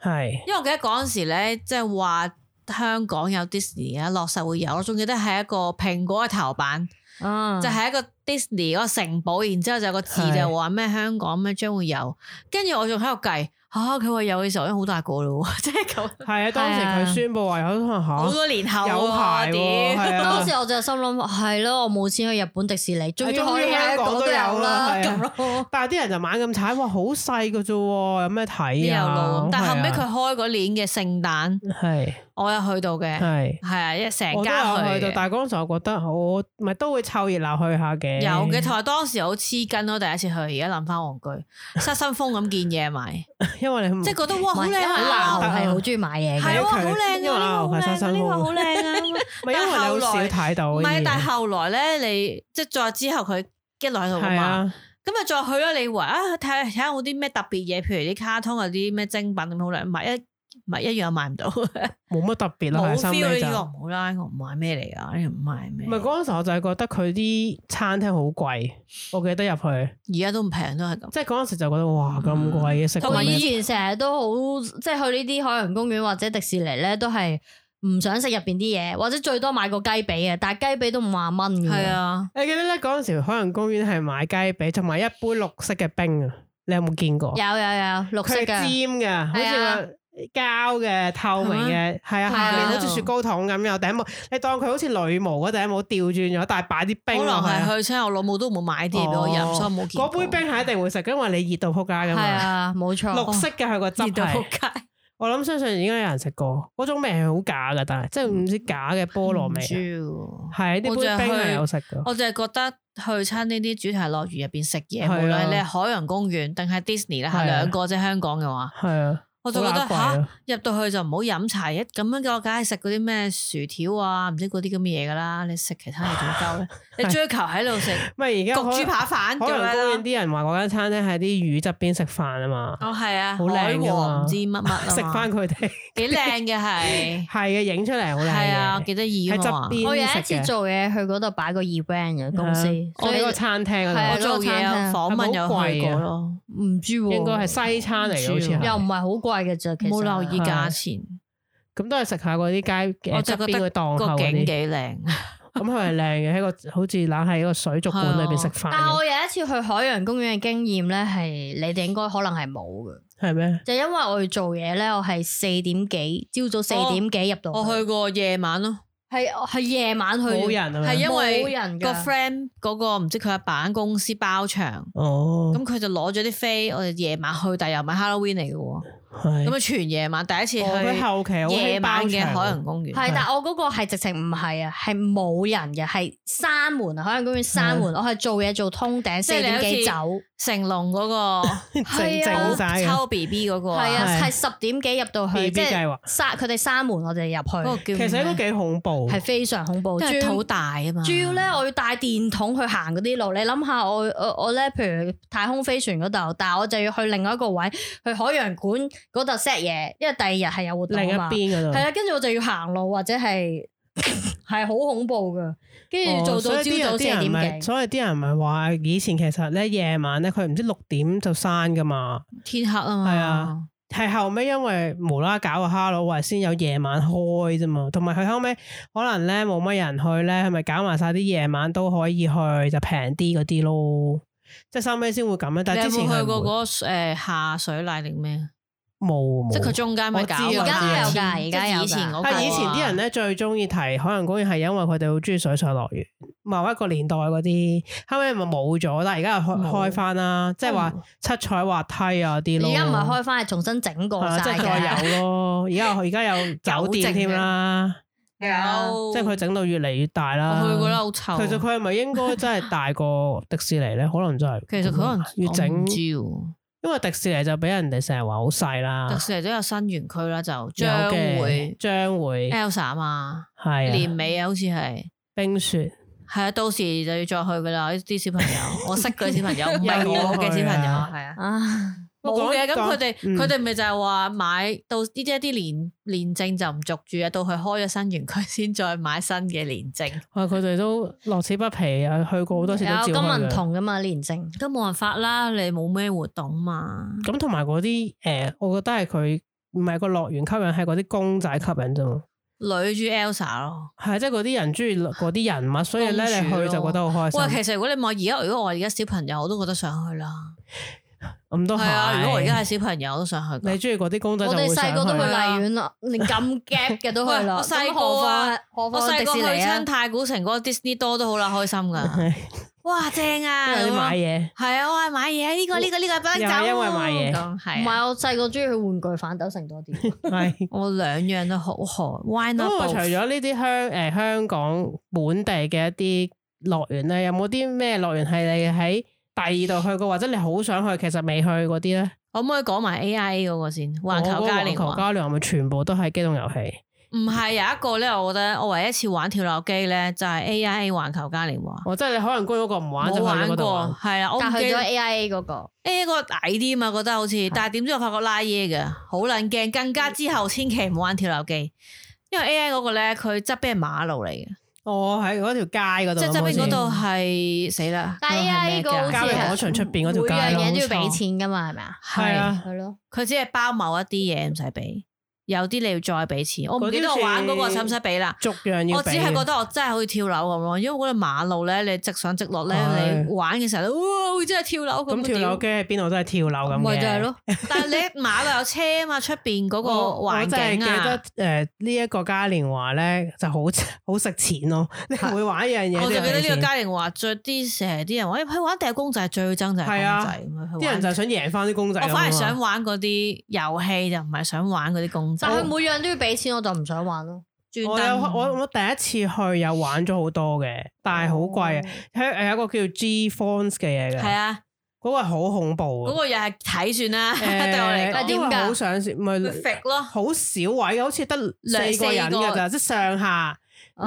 係的，因為我記得嗰時咧，即係話香港有 Disney 啊，落實會有，我仲記得係一個蘋果嘅頭版，嗯、就係一個 Disney 個城堡，然之後就有個字就話咩香港咩將會有，跟住我仲喺度計。吓，佢話有嘅時候已經好大個咯，即係咁。係啊，當時佢宣佈話有可能好多年後啊，有排。當時我就心諗，係咯，我冇錢去日本迪士尼。終於香港都有啦，咁咯。但係啲人就猛咁踩，話好細嘅咋，有咩睇有啊？但後尾佢開嗰年嘅聖誕。係。我有去到嘅，係係啊，一成家去到，但嗰陣時我覺得我咪都會湊熱鬧去下嘅。有嘅，同埋當時好黐筋咯，第一次去。而家諗翻旺居，失心瘋咁見嘢買。因為你即係覺得哇，好靚好靚，但係好中意買嘢嘅。係啊，好靚啊，好靚啊！但係後來睇到，唔係，但係後來咧，你即係再之後佢一落喺度咁啊，再去咗你回啊，睇下睇下有冇啲咩特別嘢，譬如啲卡通啊，啲咩精品好靚嘅買一。咪一樣買唔到，冇乜特別咯。好心 feel 呢個，冇啦，我唔買咩嚟噶，你唔買咩？唔係嗰陣時，我，時我就係覺得佢啲餐廳好貴，我記得入去。而家都唔平，都係咁。即係嗰陣時就覺得哇，咁貴嘅食。同埋、嗯、以前成日都好，即係去呢啲海洋公園或者迪士尼咧，都係唔想食入邊啲嘢，或者最多買個雞髀嘅，但係雞髀都五十蚊嘅。係啊！你記得咧，嗰陣時海洋公園係買雞髀同埋一杯綠色嘅冰啊！你有冇見過？有，有有有，綠色嘅。尖嘅，好似膠嘅透明嘅，係啊，入面好似雪糕筒咁有頂帽，你當佢好似女巫嗰頂帽調轉咗，但係擺啲冰落去。可能係去親我老母都冇買啲嘢俾我飲，所以冇見。嗰杯冰係一定會食，因為你熱到扑街噶嘛。係啊，冇錯。綠色嘅係個汁熱到扑街。我諗相信應該有人食過，嗰種味係好假噶，但係即係唔知假嘅菠蘿味。係啲冰係有食噶。我淨係覺得去餐呢啲主題樂園入邊食嘢，無論你係海洋公園定係 Disney 咧，係兩個啫。香港嘅話係啊。我就覺得吓入到去就唔好飲茶，一咁樣嘅我梗係食嗰啲咩薯條啊，唔知嗰啲咁嘅嘢噶啦。你食其他嘢點夠咧？你追求喺度食，唔係而家焗豬扒飯。公園啲人話嗰間餐廳喺啲魚側邊食飯啊嘛。哦，係啊，好靚噶，唔知乜乜食翻佢哋幾靚嘅係係啊，影出嚟好靚嘅。係啊，幾得意啊。喺側邊我有一次做嘢去嗰度擺個 event 嘅公司，做餐廳。係啊，做嘢啊，訪問又去過咯，唔知應該係西餐嚟，好似又唔係好。貴嘅啫，冇留意價錢。咁都係食下嗰啲街，街我就覺得景幾靚。咁佢係靚嘅，喺 個好似攬喺個水族館裏邊食飯。但係我有一次去海洋公園嘅經驗咧，係你哋應該可能係冇嘅。係咩嗎？就因為我做嘢咧，我係四點幾，朝早四點幾入到。我去過夜晚咯，係係夜晚去，冇人係、啊、因為人個 friend、嗰個唔知佢阿爸公司包場。哦，咁佢就攞咗啲飛，我哋夜晚去，但又唔係 Halloween 嚟嘅喎。咁啊！全夜晚第一次去後期夜班嘅海洋公園。係，但我嗰個係直情唔係啊，係冇人嘅，係閂門啊！海洋公園閂門，我係做嘢做通頂四點幾走。成龍嗰個，抽 B B 嗰個，係啊，係十點幾入到去，即係閂佢哋閂門，我哋入去。其實都幾恐怖，係非常恐怖，因為好大啊嘛。主要咧，我要帶電筒去行嗰啲路。你諗下，我我我咧，譬如太空飛船嗰度，但係我就要去另外一個位，去海洋館。嗰度 set 嘢，因為第二日係有活動嘛，另一邊，係啦，跟住我就要行路或者係係好恐怖噶跟住做到朝早四點幾，所以啲人唔係話以前其實咧夜晚咧佢唔知六點就閂噶嘛天黑啊，係啊，係後尾，因為無啦搞個哈囉喂，先有夜晚開啫嘛，同埋佢後尾可能咧冇乜人去咧，係咪搞埋晒啲夜晚都可以去就平啲嗰啲咯，即係收尾先會咁啊，但係你有冇去過嗰、那個誒、呃、下水瀨定咩？冇，即係佢中間冇解。而家有噶，而家有。以前啲人咧最中意提海洋公園，係因為佢哋好中意水上樂園，某一個年代嗰啲，後尾，咪冇咗，但係而家又開開翻啦，即係話七彩滑梯啊啲囉。而家唔係開翻，係重新整過，即係再有咯，而家而家有酒店添啦，有，即係佢整到越嚟越大啦。佢去覺得好臭。其實佢係咪應該真係大過迪士尼咧？可能真係。其實佢可能要整。因為迪士尼就俾人哋成日話好細啦，迪士尼都有新園區啦，就將會將會 Elsa 啊嘛，係年尾啊，好似係冰雪，係啊，到時就要再去噶啦啲小朋友， 我識佢小朋友，唔係我嘅小朋友，係啊。是啊 冇嘅，咁佢哋佢哋咪就係話買到呢啲一啲年年證就唔續住啊，到佢開咗新園區先再買新嘅年證。佢哋、啊、都樂此不疲啊，去過好多次都照開。今日唔同噶嘛，年證都冇辦法啦，你冇咩活動嘛。咁同埋嗰啲誒，我覺得係佢唔係個樂園吸引，係嗰啲公仔吸引啫嘛。女主 Elsa 咯，係即係嗰啲人中意嗰啲人物，所以咧你去就覺得好開心。喂，其實如果你望而家，如果我而家小朋友，我都覺得想去啦。咁都係啊！如果我而家係小朋友，我都想去。你中意嗰啲公仔，我哋細個都去荔園啦，連咁 gap 嘅都去啦。我細個啊，我細個去親太古城嗰個 Disney 多都好啦，開心噶。哇，正啊！去買嘢係啊，我係買嘢呢個呢個呢個奔走。因為買嘢係唔係我細個中意去玩具反斗城多啲？係，我兩樣都好，Why not both。不過除咗呢啲香誒香港本地嘅一啲樂園咧，有冇啲咩樂園係你喺？第二度去過或者你好想去，其實未去嗰啲咧，可唔可以講埋 AIA 嗰個先？環球嘉年華，嘉年華咪全部都係機動遊戲？唔係有一個咧，我覺得我唯一一次玩跳樓機咧，就係 AIA 環球嘉年華。哦，即係你海洋公園嗰個唔玩就去嗰度。係啊，我唔記得 AIA 嗰、嗰個 AIA 嗰個矮啲嘛，覺得好似，的但係點知我發覺拉耶嘅好撚驚，更加之後千祈唔好玩跳樓機，因為 AIA 嗰個咧佢執邊係馬路嚟嘅。哦，喺嗰條街嗰度，即係側邊嗰度係死啦！但係呢個好似係，郊場出邊嗰條街，樣樣嘢都要俾錢噶嘛，係咪、嗯、啊？係啊，係咯，佢只係包某一啲嘢，唔使俾。有啲你要再俾錢，我唔記得我玩嗰個使唔使俾啦。逐樣嘢？我只係覺得我真係好似跳樓咁咯，因為嗰啲馬路咧，你直上直落咧，你玩嘅時候咧，哇！真係跳樓咁。跳樓機喺邊度都係跳樓咁嘅。咪就係咯，但係你馬路有車啊嘛，出邊嗰個環境啊。我正記得誒呢一個嘉年華咧，就好好食錢咯。你唔會玩一樣嘢。我就記得呢個嘉年華，着啲成日啲人話，去玩掟公仔最憎就係公仔，啲人就係想贏翻啲公仔。我反而想玩嗰啲遊戲就唔係想玩嗰啲公就佢每樣都要俾錢，我就唔想玩咯。我我我第一次去有玩咗好多嘅，但係好貴嘅。佢誒、哦、有個叫 G Force 嘅嘢嘅，係啊，嗰個好恐怖啊！嗰個又係睇算啦，欸、 對我嚟講。點解？好想少，唔係。咯。好少位，好似得四個人㗎咋，個即上下。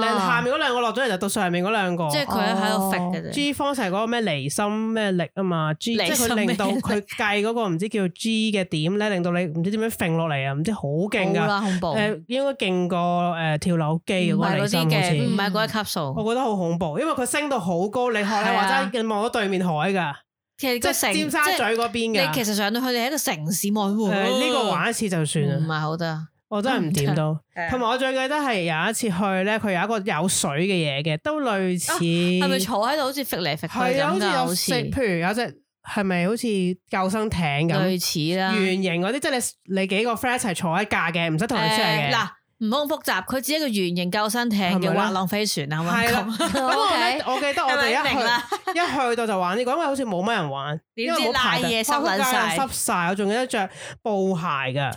下面嗰兩個落咗嚟，就到上面嗰兩個。即係佢喺度揈嘅啫。G 方成嗰個咩離心咩力啊嘛，即係佢令到佢計嗰個唔知叫 G 嘅點咧，令到你唔知點樣揈落嚟啊，唔知好勁㗎。恐怖。誒，應該勁過誒跳樓機嗰個嘅。唔係一級數。我覺得好恐怖，因為佢升到好高，你喺華山望到對面海㗎，即係尖沙咀嗰邊嘅。你其實上到去，你係一個城市望。誒，呢個玩一次就算啦，唔係好得。我真係唔掂到，同埋我最記得係有一次去咧，佢有一個有水嘅嘢嘅，都類似係咪坐喺度好似揈嚟揈去咁係啊，好似有似，譬如有隻係咪好似救生艇咁？類似啦，圓形嗰啲，即係你你幾個 friend 一齊坐喺架嘅，唔使同佢出 h 嘅。嗱，唔好咁複雜，佢只係一個圓形救生艇嘅滑浪飛船啦，係咪？咁我咧，記得我哋一去一去到就玩呢個，因為好似冇乜人玩，因為冇排嘢收，淋晒，濕晒，我仲記得着布鞋噶。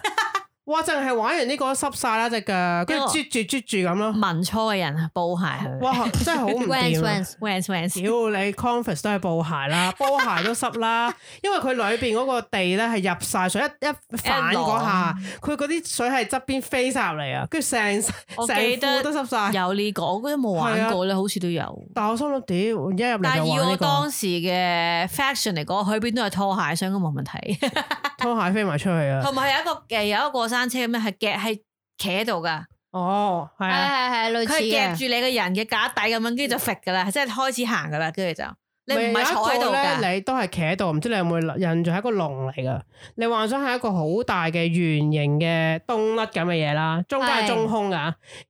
哇！淨係玩完呢個濕晒啦隻腳，跟住啜住啜住咁咯。文初嘅人布鞋哇！真係好唔掂。Once once，屌你 conference 都係布鞋啦，波鞋都濕啦，因為佢裏邊嗰個地咧係入晒水，一一反嗰下，佢嗰啲水係側邊飛晒入嚟啊！跟住成成副都濕晒，有你講，我都冇玩過咧，好似都有。但我心諗屌，一入嚟就係呢個。但以我當時嘅 fashion 嚟講，我去邊都係拖鞋，應該冇問題。拖鞋飛埋出去啊！同埋有一個有一個。單車咁樣係夾係企喺度噶，哦，係啊，係係類似，佢係夾住你個人嘅架底咁樣，跟住就甩噶啦，即係開始行噶啦，跟住就。你唔係坐喺度噶，你都係企喺度，唔知你有冇印象係一個籠嚟噶？你幻想係一個好大嘅圓形嘅冬甩咁嘅嘢啦，中間係中空噶，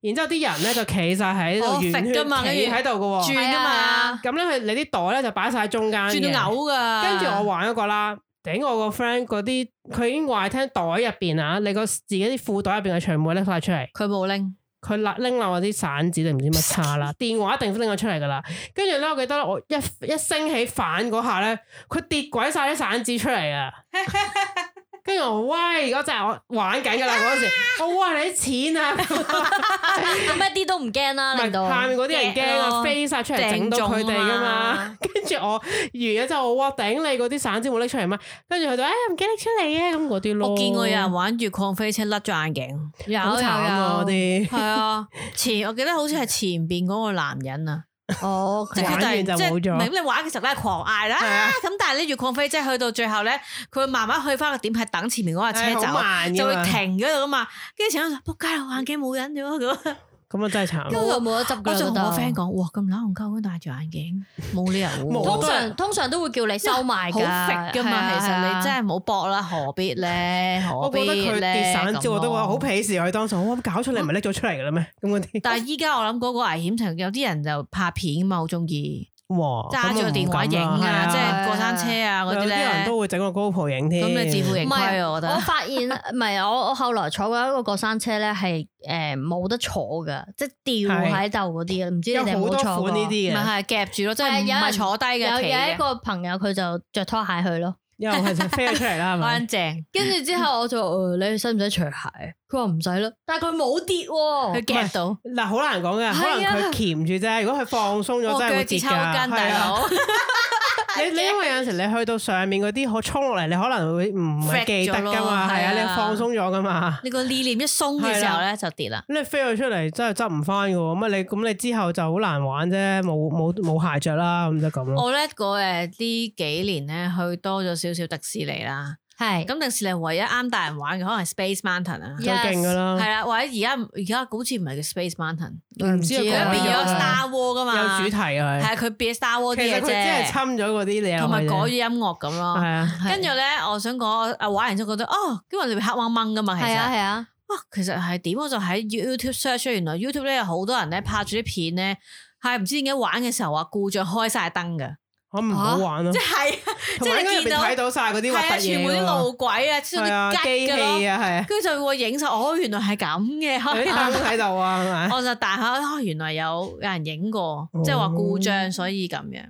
然之後啲人咧就企晒喺呢度，轉圈，企喺度噶，轉噶嘛，咁咧佢你啲袋咧就擺晒喺中間，轉到嘔噶，跟住我玩一個啦。頂我個 friend 嗰啲，佢已經話聽袋入邊啊，你個自己啲褲袋入邊嘅全部拎晒出嚟。佢冇拎，佢攞拎落啊啲散紙定唔知乜叉啦。電話一定拎咗出嚟噶啦。跟住咧，我記得我一一升起反嗰下咧，佢跌鬼晒啲散紙出嚟啊！ 跟住我，喂！如果我就玩緊噶啦嗰時，啊、我喂你啲錢啊！咁一啲都唔驚啦，嚟到下面嗰啲人驚啊，的飛晒出嚟整到佢哋噶嘛！跟住我完咗就我哇頂你嗰啲散紙冇拎出嚟咩？跟住佢就誒唔記得出嚟嘅。」咁嗰啲囉，我見過有人玩越礦飛車甩咗眼鏡，好有很慘啊！嗰啲係啊，前我記得好似係前邊嗰個男人啊。哦，即係佢就即係明你玩嘅時候梗係，狂嗌啦，咁但係咧越礦飛即係去到最後咧，佢慢慢去翻個點，係等前面嗰架車走， 嗯啊、就會停咗度噶嘛，跟住成嗰度仆街咯，眼鏡冇緊咗咁。 咁啊，真係慘！冇得執，我仲同我 friend 講，哇，咁乸紅膠都戴住眼鏡，冇理由。通常通常都會叫你收埋好 fake 㗎，係嘛？啊啊、其實你真係唔好搏啦，何必咧？必呢 我覺得佢散照我都話好鄙視佢，當時我咁搞出嚟，咪拎咗出嚟嘅咧咩？咁嗰啲。但係依家我諗嗰個危險係， 有啲人就拍片嘛，好中意。揸住哇電話影啊，即係過山車啊嗰啲，啊、人都會整個高 o 影添。咁你自拍影，唔係啊！啊是我覺得，我發現，唔係我我後來坐咗一個過山車咧，係誒冇得坐噶，即係吊喺度嗰啲啊。唔是知你哋唔好坐呢啲嘅。唔係係夾住咯，即係唔係坐低嘅。有有一個朋友佢就着拖鞋去咯。又係成飛咗出嚟啦，係咪？反正跟住之後我就，你使唔使除鞋？佢話唔使咯，但係佢冇跌，佢夾到。嗱，好難講嘅，可能佢鉗住啫。如果佢放鬆咗，真係跌噶。我大佬。你你因為有時你去到上面嗰啲，我衝落嚟，你可能會唔係記得噶嘛？係啊，你放鬆咗噶嘛？你個理念一鬆嘅時候咧，就跌啦。你飛咗出嚟真係執唔翻噶，乜你咁你之後就好難玩啫，冇冇冇鞋着啦，咁就咁咯。我咧個誒呢幾年咧去多咗。少少迪士尼啦，係咁迪士尼唯一啱大人玩嘅，可能係 Space Mountain 啊，最勁噶啦，係啦，或者而家而家好似唔係叫 Space Mountain，唔知變咗 Star War 噶嘛，有主題啊，係啊，佢變 Star War 啲即係侵咗嗰啲你又，同埋改咗音樂咁咯，係啊，跟住咧，我想講我玩完之後覺得哦，因為你黑掹掹噶嘛，係啊係啊，哇，其實係點我就喺 YouTube search，原來 YouTube 咧有好多人咧拍住啲片咧，係唔知點解玩嘅時候啊故障開晒燈㗎。我唔好玩咯即係，即係你睇到晒嗰啲核突嘢，全部啲路軌啊，啊，機器啊，係，跟住就會影晒，哦，原來係咁嘅，啲燈喺度啊，係咪？我就大下，哦，原來有有人影過，即係話故障，所以咁樣，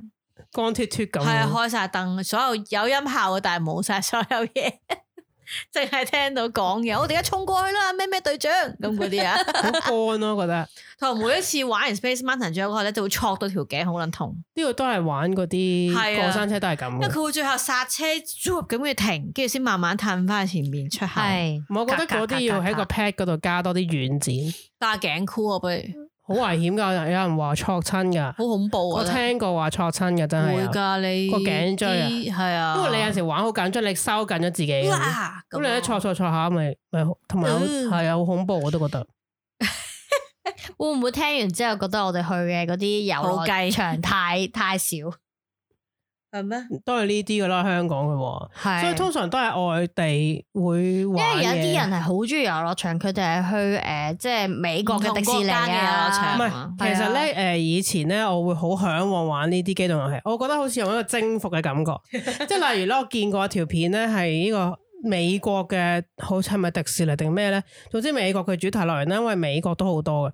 光脫脫咁，係開晒燈，所有有音效嘅，但係冇晒所有嘢。淨係 聽到講嘢，我哋而家衝過去啦，咩咩隊長咁嗰啲啊，好乾咯覺得。同 每一次玩完 Space Mountain 之後咧，就會挫到條頸好撚痛。呢個都係玩嗰啲過山車都係咁啊。因為佢會最後剎車咁嘅停，跟住先慢慢褪翻前面出口。係是，我覺得嗰啲要喺個 pad 嗰度加多啲軟墊，加頸箍啊不如。好危險噶，有人話錯親噶，好恐怖啊！我聽過話錯親噶，真係會噶你個頸椎啊，係啊，不過你有陣時玩好緊張，你收緊咗自己，咁嘩你刮刮刮刮刮一錯錯錯下咪咪同埋係啊，好、嗯、恐怖我都覺得。 會唔會聽完之後覺得我哋去嘅嗰啲遊樂場太像太，太少？咩？都係呢啲噶啦，香港嘅，是所以通常都係外地會玩嘢。因為有啲人係好中意遊樂場，佢哋係去誒、呃，即係美國嘅迪士尼啊。唔係，其實咧，誒、啊呃，以前咧，我會好向往玩呢啲機動遊戲。我覺得好似有一個征服嘅感覺。 即係例如咧，我見過一條片咧，係呢個美國嘅，好似係咪迪士尼定咩咧？總之美國嘅主題樂園咧，因為美國都好多嘅。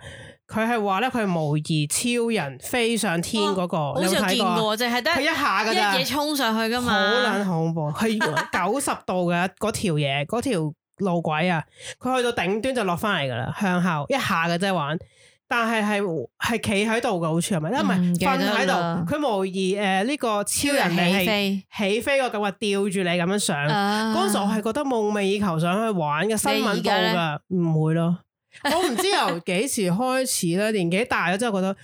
佢係話咧，佢係模擬超人飛上天嗰、嗰個，哦、好似見過？淨係得佢一下噶，一嘢衝上去噶嘛？好撚恐怖！佢九十度嘅嗰條嘢，嗰條路軌啊，佢去到頂端就落翻嚟噶啦，向後一下噶啫玩。但係係係企喺度嘅，好似係咪？因為唔係瞓喺度，佢、嗯、模擬誒呢個超人定係起飛個感覺吊住你咁樣上，嗰陣、啊、我係覺得夢寐以求想去玩嘅新聞報噶，唔會咯。 我唔知由幾時開始咧，年紀大咗之後覺得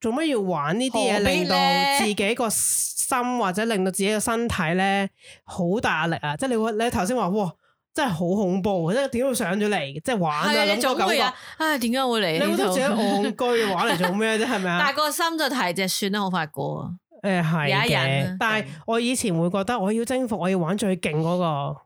做乜要玩呢啲嘢，令到自己個心或者令到自己個身體咧好大壓力啊！即係你你頭先話哇，真係好恐怖，即係點會上咗嚟？即係玩啊，咁嘅對感覺。唉，點解會嚟？你自己戇居嘅玩嚟做咩啫？係咪啊？哎、 但係個心就提着，算啦，好快過啊。誒、哎，係嘅。但係我以前會覺得我要征服，我要玩最勁嗰、那個。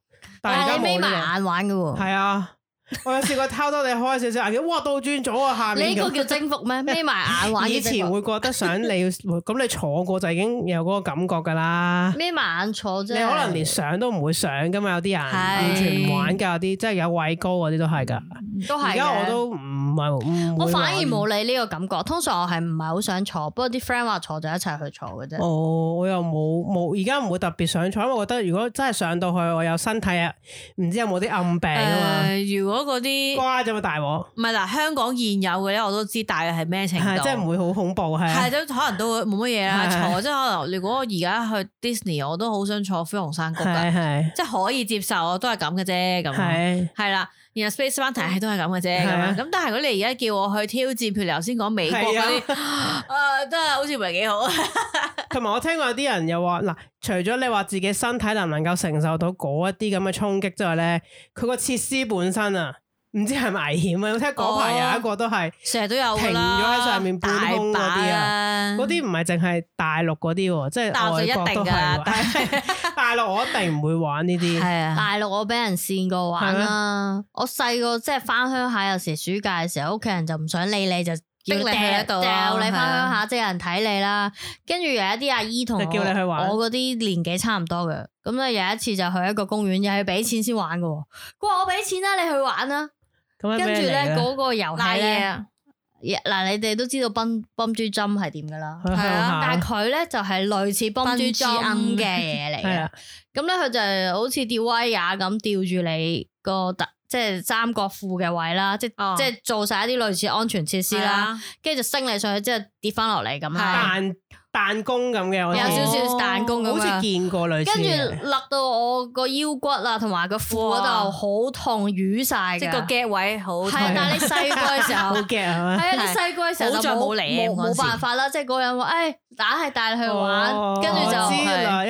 而家冇埋眼玩噶喎。係啊、哦。哎呀呀 我有試過偷偷哋開少少眼，哇倒轉咗啊，下面。你呢個叫征服咩？眯埋 眼玩。以前會覺得想你咁 你坐過就已經有嗰個感覺噶啦。眯埋眼坐啫。你可能連上都唔會上噶嘛，有啲人完全唔玩噶，有啲的即係有畏高嗰啲都係噶、嗯。都係。而家我都唔係，我反而冇你呢個感覺，通常我係唔係好想坐，不過啲 friend 話坐就一齊去坐嘅啫。哦，我又冇冇，而家唔會特別想坐，因為我覺得如果真係上到去，我有身體啊，唔知有冇啲暗病啊嘛。呃嗰啲瓜啫嘛，大鑊唔係嗱，呃、香港現有嘅咧我都知大約係咩程度，即係唔會好恐怖係。係都、啊、可能都冇乜嘢啦，啊、坐即係可能。如果我而家去 Disney，我都好想坐灰熊山谷㗎，啊、即係可以接受，都係咁嘅啫，咁係啦。然 Space Mountain 係都係咁嘅啫，咁、啊、但係如果你而家叫我去挑戰，譬如頭先講美國嗰啲，誒、啊啊，都係好似唔係幾好。同 埋我聽過有啲人又話，嗱，除咗你話自己身體能唔能夠承受到嗰一啲咁嘅衝擊之外咧，佢個設施本身啊。唔知係咪危險啊？我聽嗰排有一個都係成日都有啦，停咗喺上面半空嗰啲啊，嗰啲唔係淨係大陸嗰啲喎，即係外國都係，大陸我一定唔會玩呢啲。係啊，大陸我俾人跣過玩啦、啊。嗎我細個即係翻鄉下，有時暑假嘅時候，屋企人就唔想理你就掟喺度你翻鄉下，即係有人睇你啦。跟住有一啲阿姨同我，叫你去玩我嗰啲年紀差唔多嘅，咁咧有一次就去一個公園，又係俾錢先玩嘅。佢話我俾錢啦、啊，你去玩啦、啊。跟住咧，嗰個遊戲咧，嗱喻你哋都知道蹦蹦珠針係點噶啦，係啊，啊但係佢咧就係、係、類似蹦珠針嘅嘢嚟嘅。咁咧佢就係好似吊威亞咁吊住你個特，即係三角褲嘅位啦，即係即係做晒一啲類似安全設施啦，跟住、啊、就升你上去之後跌翻落嚟咁啊。彈弓咁嘅，有少少彈弓咁啊，好似見過類似。跟住勒到我個腰骨啊，同埋個褲嗰度好痛瘀晒，即個夾位好。但係你細個嘅時候好驚啊。係啊，你細個嘅時候就冇理，冇辦法啦。即係嗰人話，誒，打係帶你去玩，跟住就知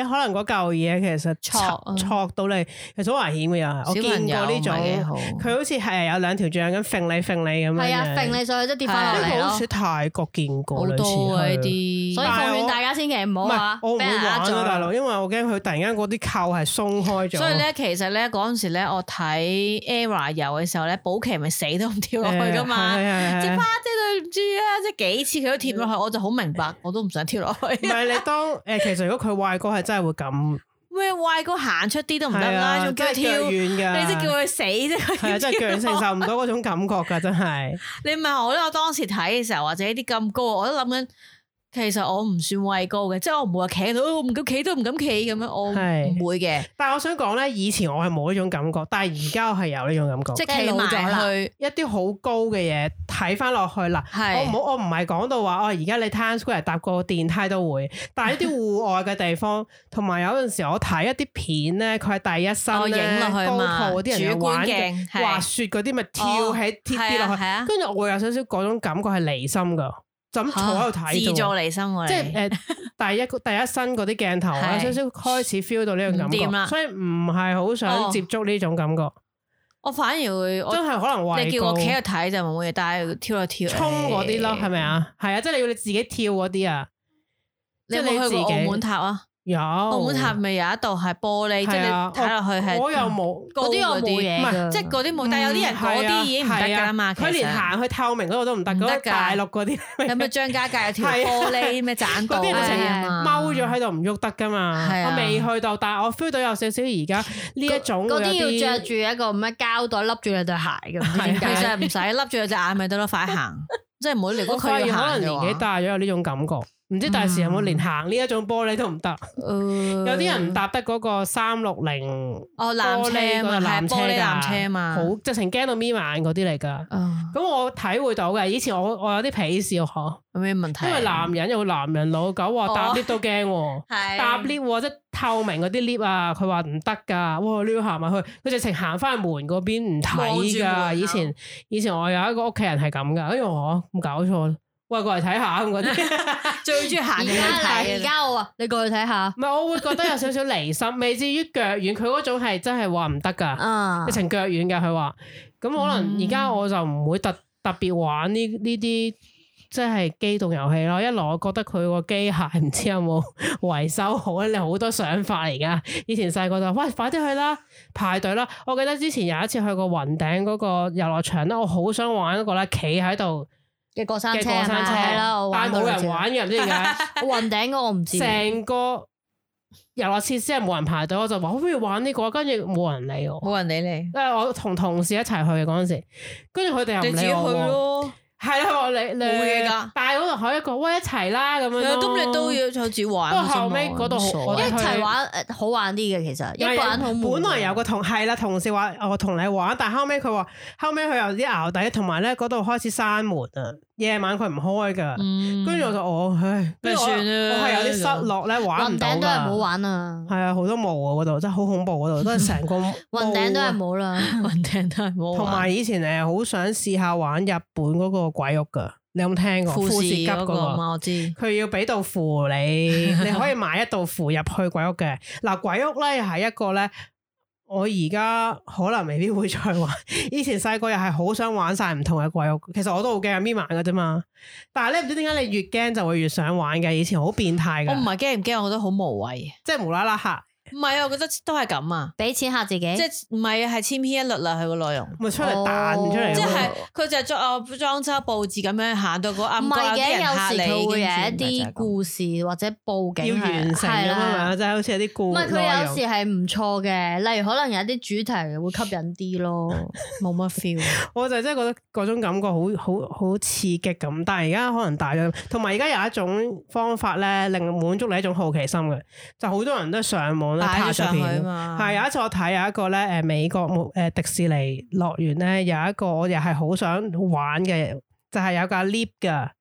可能嗰嚿嘢其實戳戳到你，其實好危險嘅又嘢。小朋友，幾好。佢好似係有兩條掌咁揈你揈你咁樣。係啊，揈你上去即跌翻嚟，好似泰國見過，好多呢啲。勸大家千祈唔好話，我唔會玩啊，大佬哥，因為我驚佢突然間嗰啲扣係鬆開咗。所以咧，其實咧嗰陣時咧，我睇 ERROR 遊嘅時候咧，保錡咪死都唔跳落去噶嘛。即花，欸，姐對唔住啊，即係幾次佢都跳落去，嗯，我就好明白，我都唔想跳落去。唔係你當誒，欸，其實如果佢壞哥係真係會咁咩壞哥行出啲都唔得啦，仲，的叫佢跳遠嘅，你即叫佢死啫。係啊，真係腳軟承受唔到嗰種感覺噶，真係。你唔係我咧，我當時睇嘅時候或者啲咁高，我都諗緊。其實我唔算畏高嘅，即、就、係、是、我唔會話企到，唔企都唔敢企咁樣，我唔會嘅。但係我想講咧，以前我係冇呢種感覺，但係而家我係有呢種感覺。即係企埋去一啲好高嘅嘢，睇翻落去嗱是，我唔好，我唔係講到話，我而家你 Town Square 搭個電梯都會，但係一啲戶外嘅地方，同埋 有陣時我睇一啲片咧，佢係第一身咧、哦、高鋪啲人去玩的是滑雪嗰啲，咪跳喺天跌落去，跟住、啊、我有少少嗰種感覺係離心噶。咁坐喺度睇啫喎，即係誒第一第一身嗰啲鏡頭有、啊、 少少開始 feel 到呢個感覺，所以唔係好想接觸呢種感覺。我反而會真係可能話你叫我企喺度睇就冇嘢，但係跳一跳。衝嗰啲咯，係咪啊？係啊，即係你要你自己跳嗰啲啊。即係你自己。澳門塔啊？有澳門塔咪有一度係玻璃，即係你睇落去係。我又冇嗰啲冇嘢，唔係即係嗰啲冇。但係有啲人嗰啲已經唔得噶嘛，佢連行去透明嗰度都唔得。唔得噶。大陸嗰啲有冇張家界有條玻璃咩棧道啊？踎咗喺度唔喐得噶嘛？我未去到，但係我 feel 到有少少而家呢一種。嗰啲要着住一個咩膠袋笠住你對鞋噶，其實唔使笠住你隻眼咪得咯，快行。即係每嚟嗰區可能年紀大咗有呢種感覺。唔知大市有冇連行呢一種玻璃都唔得？嗯、有啲人唔搭得嗰個三六零哦，纜車，係纜車啊！好直情驚到眯埋眼嗰啲嚟噶。咁我體會到嘅，以前我我有啲鄙視嗬。有咩問題？因為男人有男人老狗話搭 lift 都驚，搭 lift、哦、 是即係透明嗰啲 lift 啊！佢話唔得噶，哇！呢行埋去，佢直情行翻去門嗰邊唔睇噶。以前以前我有一個屋企人係咁噶，跟住我唔搞錯。啊過嚟睇下咁嗰啲，最中意行而家而家我你過去睇下，唔係我會覺得有少少離心， 未至於腳軟。佢嗰種係真係話唔得噶，一層腳軟嘅。佢話咁可能而家我就唔會特特別玩呢呢啲，即係機動遊戲咯。一來我覺得佢個機械唔知有冇維修好呀，你好多想法嚟噶。以前細個就喂快啲去啦，排隊啦。我記得之前有一次去過雲頂個雲頂嗰個遊樂場啦，我好想玩一個咧，企喺度。嘅過山車係咯，但係冇人玩嘅，唔知點解。雲頂嗰個唔知。成個遊樂設施係冇人排隊，我就話好，不如玩呢個，跟住冇人理我，冇人理你。誒，我同同事一齊去嗰陣時，跟住佢哋又唔理我。係啦，你你冇嘢噶，但係可能可以講，喂一齊啦咁樣，咁你都要有住玩，到後尾嗰度一齊玩，好玩啲嘅，其實，一個人好悶。本來有個同係啦，同事話我同你玩，但係後尾佢話，後尾佢有啲淆底，同埋咧嗰度開始閂門啊。夜晚佢唔開噶，嗯，跟住我就，哎，我唉，跟住我係有啲失落咧樣玩唔到都係唔好玩啊！係啊，好多霧啊嗰度真係好恐怖嗰度，都係成個雲頂，啊，都係冇啦，雲頂都係冇。同埋以前誒，好想試下玩日本嗰個鬼屋噶，你有冇聽過？富士急，那，嗰個，那個那個，我知道，佢要俾道符你，你可以買一道符入去鬼屋嘅。嗱鬼屋咧係一個咧。我而家可能未必會再玩。 以前細個又係好想玩晒唔同嘅鬼屋，其實我都好驚咪埋嘅啫嘛。但係咧唔知點解你越驚就會越想玩嘅。以前好變態嘅，我唔係驚唔驚，我覺得好無謂，即係無啦啦吓。唔係啊，我覺得都係咁啊，俾錢嚇自己，即係唔係啊，係千篇一律啦，佢個內容，咪出嚟彈出嚟，oh. 即係佢就係裝啊裝修佈置咁樣行到個暗角入嚟，唔係嘅。有，有時佢會有一啲故事或者報警，要完成㗎嘛的，即係好似有啲故，唔係佢有時係唔錯嘅，例如可能有啲主題會吸引啲咯，冇乜 feel，我就真係覺得嗰種感覺好好好刺激咁，但係而家可能大咗，同埋而家有一種方法咧，令滿足你一種好奇心嘅，就好多人都係上網啦。 睇咗上去嘛，係有一次我睇有一個咧，誒、呃、美國誒、呃、迪士尼樂園咧有一個我又係好想玩嘅，就係、是、有架 lift 噶，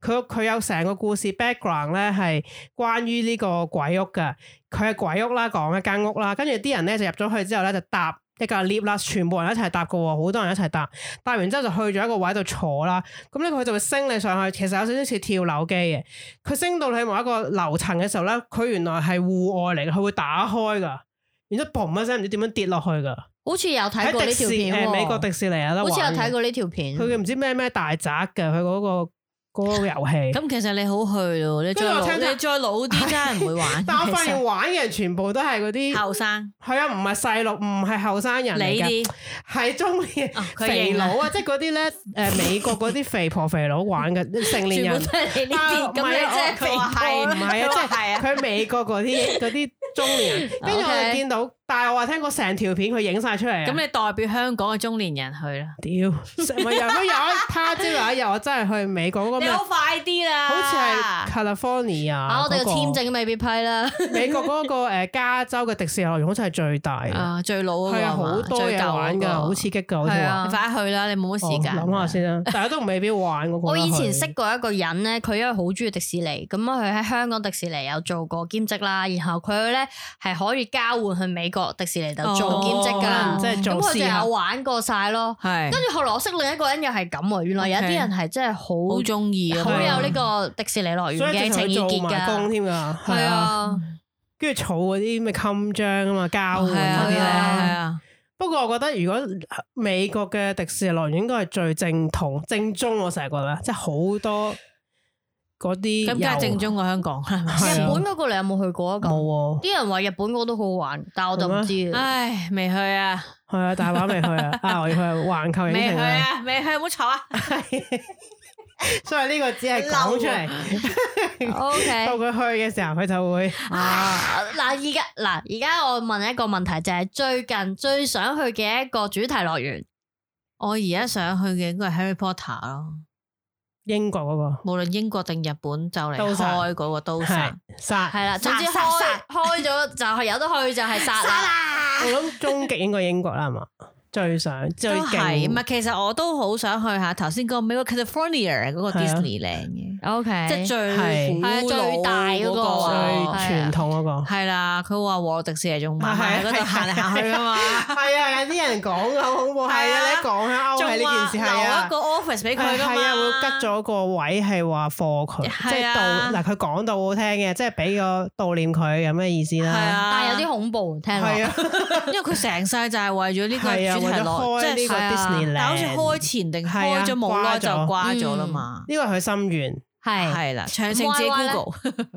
佢佢有成個故事 background 咧係關於呢個鬼屋噶，佢係鬼屋啦，講一間屋啦，跟住啲人咧就入咗去之後咧就搭。一架 lift 啦，全部人一齊搭嘅喎，好多人一齊搭，搭完之後就去咗一個位度坐啦。咁咧佢就會升你上去，其實有少少似跳樓機嘅。佢升到你某一個樓層嘅時候咧，佢原來係戶外嚟嘅，佢會打開噶，然之後嘣一聲唔知點樣跌落去噶。好似有睇過呢條片哦，喺迪士、呃、美國迪士尼有得玩。好似有睇過呢條片，佢叫唔知咩咩大宅嘅，佢嗰個。個遊戲，咁其實你好去咯，你再你再老啲真係唔會玩。但我發現玩嘅人全部都係嗰啲後生。係啊，唔係細路，唔係後生人嚟嘅，係中年肥佬啊！即係嗰啲咧，誒，美國嗰啲肥婆肥佬玩嘅成年人，係唔係啊？即係佢美國嗰啲嗰啲中年人。跟住我哋見到。但係我話聽過成條片佢影晒出嚟啊！咁你代表香港嘅中年人去啦。屌， 唔係又一又他朝有一,一日，我真係去美國嗰個。你又快啲啦！好似係 California 啊，我哋個簽證都未必批啦。 美國嗰個，誒，加州嘅迪士尼好似係最大啊，最老嗰個，好多嘢玩噶，好刺激噶，我話。快去啦！你冇乜時間。諗下先啦。想想 大家都未必玩嗰個。我以前識過一個人咧，佢因為好中意迪士尼，咁佢喺香港迪士尼有做過兼職啦，然後佢咧係可以交換去美國。迪士尼就做兼職噶，咁佢、哦嗯、就有玩過晒咯。係是，跟住後來我識另一個人又係咁，原來有一啲人係真係好中意，好有呢個迪士尼樂園嘅情意結噶。係啊，跟住儲嗰啲咩襟章啊嘛，交換嗰啲咧。係、哦、啊，啊不過我覺得如果美國嘅迪士尼樂園應該係最正統 正宗，我成日覺得，即係好多。嗰啲咁梗係正宗嘅，香港係咪？日本嗰個你有冇去過啊？冇有，啲人話日本嗰個都好玩，但係我就唔知唉，未去啊，係啊，大把未去啊，去啊，我要去環球影城，未去啊，未 去，好坐啊！所以呢個只係講出嚟，OK。到佢去嘅時候，佢就會啊。嗱、啊，而家嗱，而家我問一個問題，就係、是、最近最想去嘅一個主題樂園，我而家想去嘅應該係 Harry Potter 咯。英國嗰個，無論英國定日本就嚟開嗰個都殺殺，係啦，總之開開咗就係有得去就係殺啦。我諗終極應該英國啦，係嘛？最想最勁，唔係其實我都好想去吓，頭先嗰個美國 California 嗰個 Disney 靚嘅。O K，即係最古最大嗰個，最傳統嗰個，係啦。佢話迪士尼仲種文化喺嗰度行嚟行去㗎嘛。係啊，有啲人講好恐怖。係啊，你講啊，係呢件事係啊，留一個 office 俾佢。係啊，會吉咗個位係話放佢，即係悼嗱。佢講到好聽嘅，即係俾個悼念佢咁嘅意思啦。係啊，但係有啲恐怖聽落。係啊，因為佢成世就係為咗呢個主題樂，即係呢個 Disneyland。但好似開前定開咗無耐就瓜咗啦嘛。呢個係佢心願。係係啦，長城自己 Google、啊。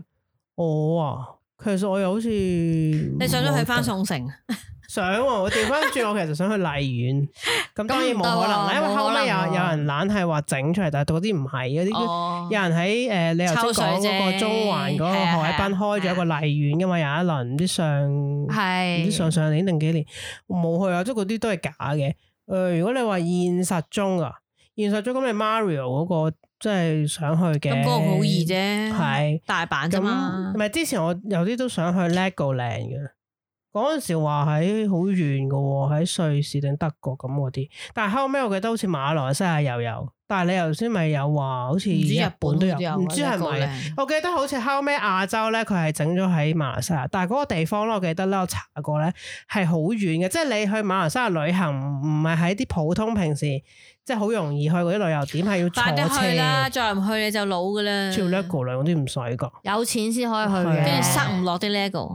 我啊，其實我又好似你想咗去翻宋城？想啊！我調翻轉，我 其實想去荔園。咁當然冇可能啦，因為後尾有有人懶係話整出嚟，但係嗰啲唔係嗰啲，有人喺誒，你又即講嗰個中環嗰個海濱開咗一個荔園噶嘛？又一輪唔知上係上上年定幾年冇去啊？即係嗰啲都係假嘅。誒，如果你話現實中啊，現實中咁你 Mario 嗰、嗰個即係想去嘅，咁嗰好易啫，係，係大阪啫嘛，咁。唔係之前我有啲都想去 Legoland 嘅，嗰陣時話喺好遠噶喎，喺瑞士定德國咁嗰啲。但係後尾我記得好似馬來西亞又有，有，但係你頭先咪有話好似日本都有，唔知係咪、啊？我記得好似後尾亞洲咧，佢係整咗喺馬來西亞，但係嗰個地方咧，我記得咧，我查過咧係好遠嘅，即係你去馬來西亞旅行唔係喺啲普通平時。即係好容易去嗰啲旅遊點，係要坐車啦，再唔去你就老噶啦。超 lego 啦，我啲唔使個，有錢先可以去，跟住塞唔落啲 lego。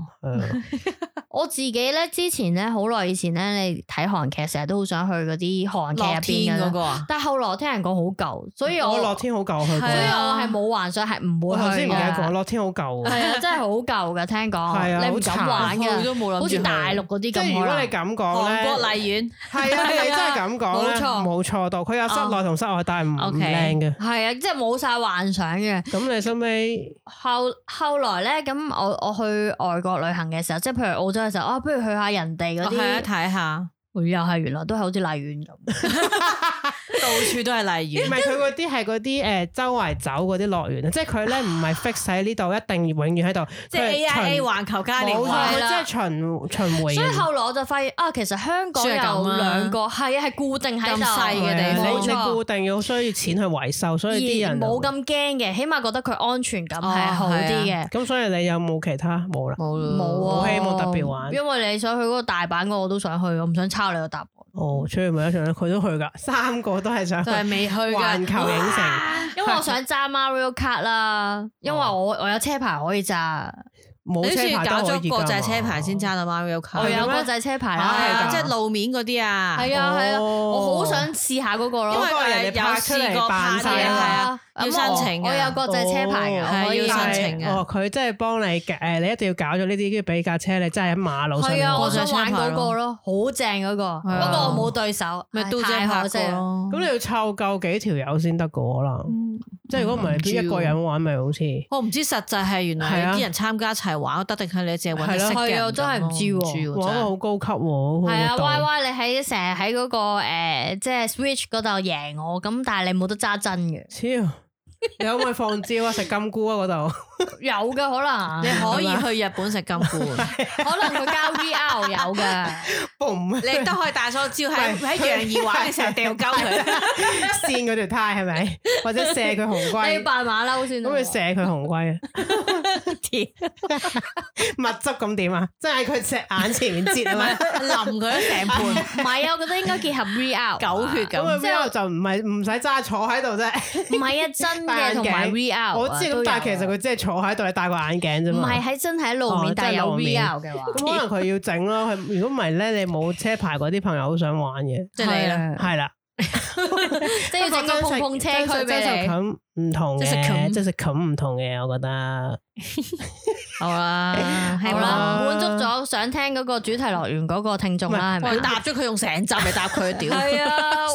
我自己咧，之前咧，好耐以前咧，你睇韓劇成日都好想去嗰啲韓劇入邊個，但係後來聽人講好舊，所以我樂天好舊去，所以我係冇幻想，係唔會。頭先唔記得講，樂天好舊，真係好舊嘅。聽講，你唔敢玩嘅，好似大陸嗰啲，咁。如果你咁講咧，國麗苑係啊，你真係咁講，冇錯冇錯。佢有室內同室外，但係唔靚嘅，係啊 Okay.，即係冇晒幻想嘅。咁你收尾後後來咧？咁我我去外國旅行嘅時候，即係譬如澳洲嘅時候，啊，不如去下人哋嗰啲睇下。佢又係原來都係好似荔園咁，到處都係荔園。唔係佢嗰啲係嗰啲誒周圍走嗰啲樂園，即係佢咧唔係 fix 喺呢度，一定要永遠喺度。即係 AIA 環球嘉年華，即係巡，巡迴。所以後來我就發現啊，其實香港有兩個，係啊係固定喺度。咁細嘅地方，你固定，要需要錢去維修，所以啲人冇咁驚嘅，起碼覺得佢安全感係好啲嘅。咁所以你有冇其他冇啦？冇冇希望特別玩。因為你想去嗰個大阪個我都想去，我唔想你有答案？哦，出去咪去咯，佢都去㗎，三個都係想去，但係未去環球影城，因為我想揸 Mario Kart 啦，因為我我有車牌可以揸。你似搞咗國際車牌先揸啊 Mario Kart？國際車牌啦，即係路面嗰啲啊。係啊係啊，我好想試下嗰個咯，因為人哋拍出嚟扮曬啦，要申請嘅。我有國際車牌，我要申請哦，佢即係幫你，你一定要搞咗呢啲，跟住俾架車你真揸喺馬路上。係啊，我想玩嗰個咯，好正嗰個，不過我冇對手，太可惜咯。咁你要湊夠幾條友先得嘅，可能。即係如果唔係一個人玩咪好似。我唔知實際係原來啲人參加齊，玩得定係你淨係揾食啊，真係唔知，玩得好高級，啊。係啊，Y Y 你喺成日喺嗰個誒、呃，即係 Switch 嗰度贏我，咁但係你冇得揸真嘅。超，你可唔可以放招啊？食 金菇啊嗰度。有嘅可能，你可以去日本食金鼓，可能佢交 V R 有嘅，你都可以大掃招，係喺楊怡玩嘅時候掉鳩佢，跣嗰條呔係咪？或者射佢紅龜，你要扮馬騮先。咁佢射佢紅龜啊？點？物執咁點啊？即係喺佢隻眼前面截啊嘛？淋佢成半。唔係啊，我覺得應該結合 V R 狗血咁，V R 就唔係唔使揸坐喺度啫。唔係啊，真嘅同埋 V R。我知咁，但係其實佢真係。坐喺度，你戴個眼鏡啫嘛。唔係喺真係喺路面，但係有 VR 嘅話，咁可能佢要整咯。如果唔係咧，你冇車牌嗰啲朋友好想玩嘅。係啦 了。即係整個碰碰車區咩，唔同嘅，即係冚，即係冚唔同嘅，我覺得好啦，好啦，滿足咗想聽嗰個主題樂園嗰個聽眾啦，係咪？我答咗佢，用成集嚟答佢屌，係啊，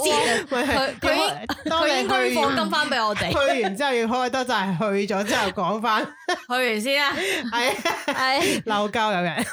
佢佢佢應該放金翻俾我哋，去完之後要開多陣，去咗之後講翻，去完先啦，係係鬧交有嘅，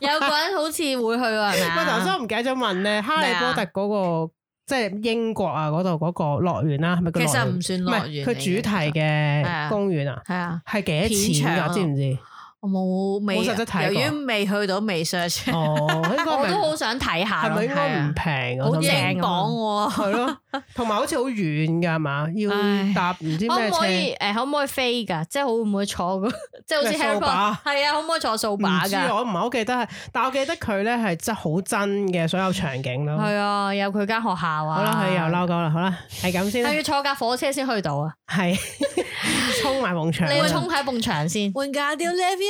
有個人好似會去係咪啊？頭先我唔記得咗問咧，哈利波特嗰個。即係英國啊，嗰度嗰個樂園啦，係咪叫樂園？其實唔算樂園，唔係佢主題嘅公園啊，係幾多錢㗎？知唔知？冇未，由於未去到，未 search，我都好想睇下。係咪應該唔平？好正講喎，係咯。同埋好似好遠嘅係嘛？要搭唔知咩車？可唔可以誒？可唔可以飛㗎？即係好唔可以坐個，即係好似係啊？係啊，可唔可以坐掃把？㗎？唔知我唔係好記得，但我記得佢咧係真係好真嘅所有場景咯。係啊，有佢間學校啊。好啦，係又撈鳩啦。好啦，係咁先。係要坐架火車先去到啊？係衝埋埲牆，你會衝喺埲牆先？換個屌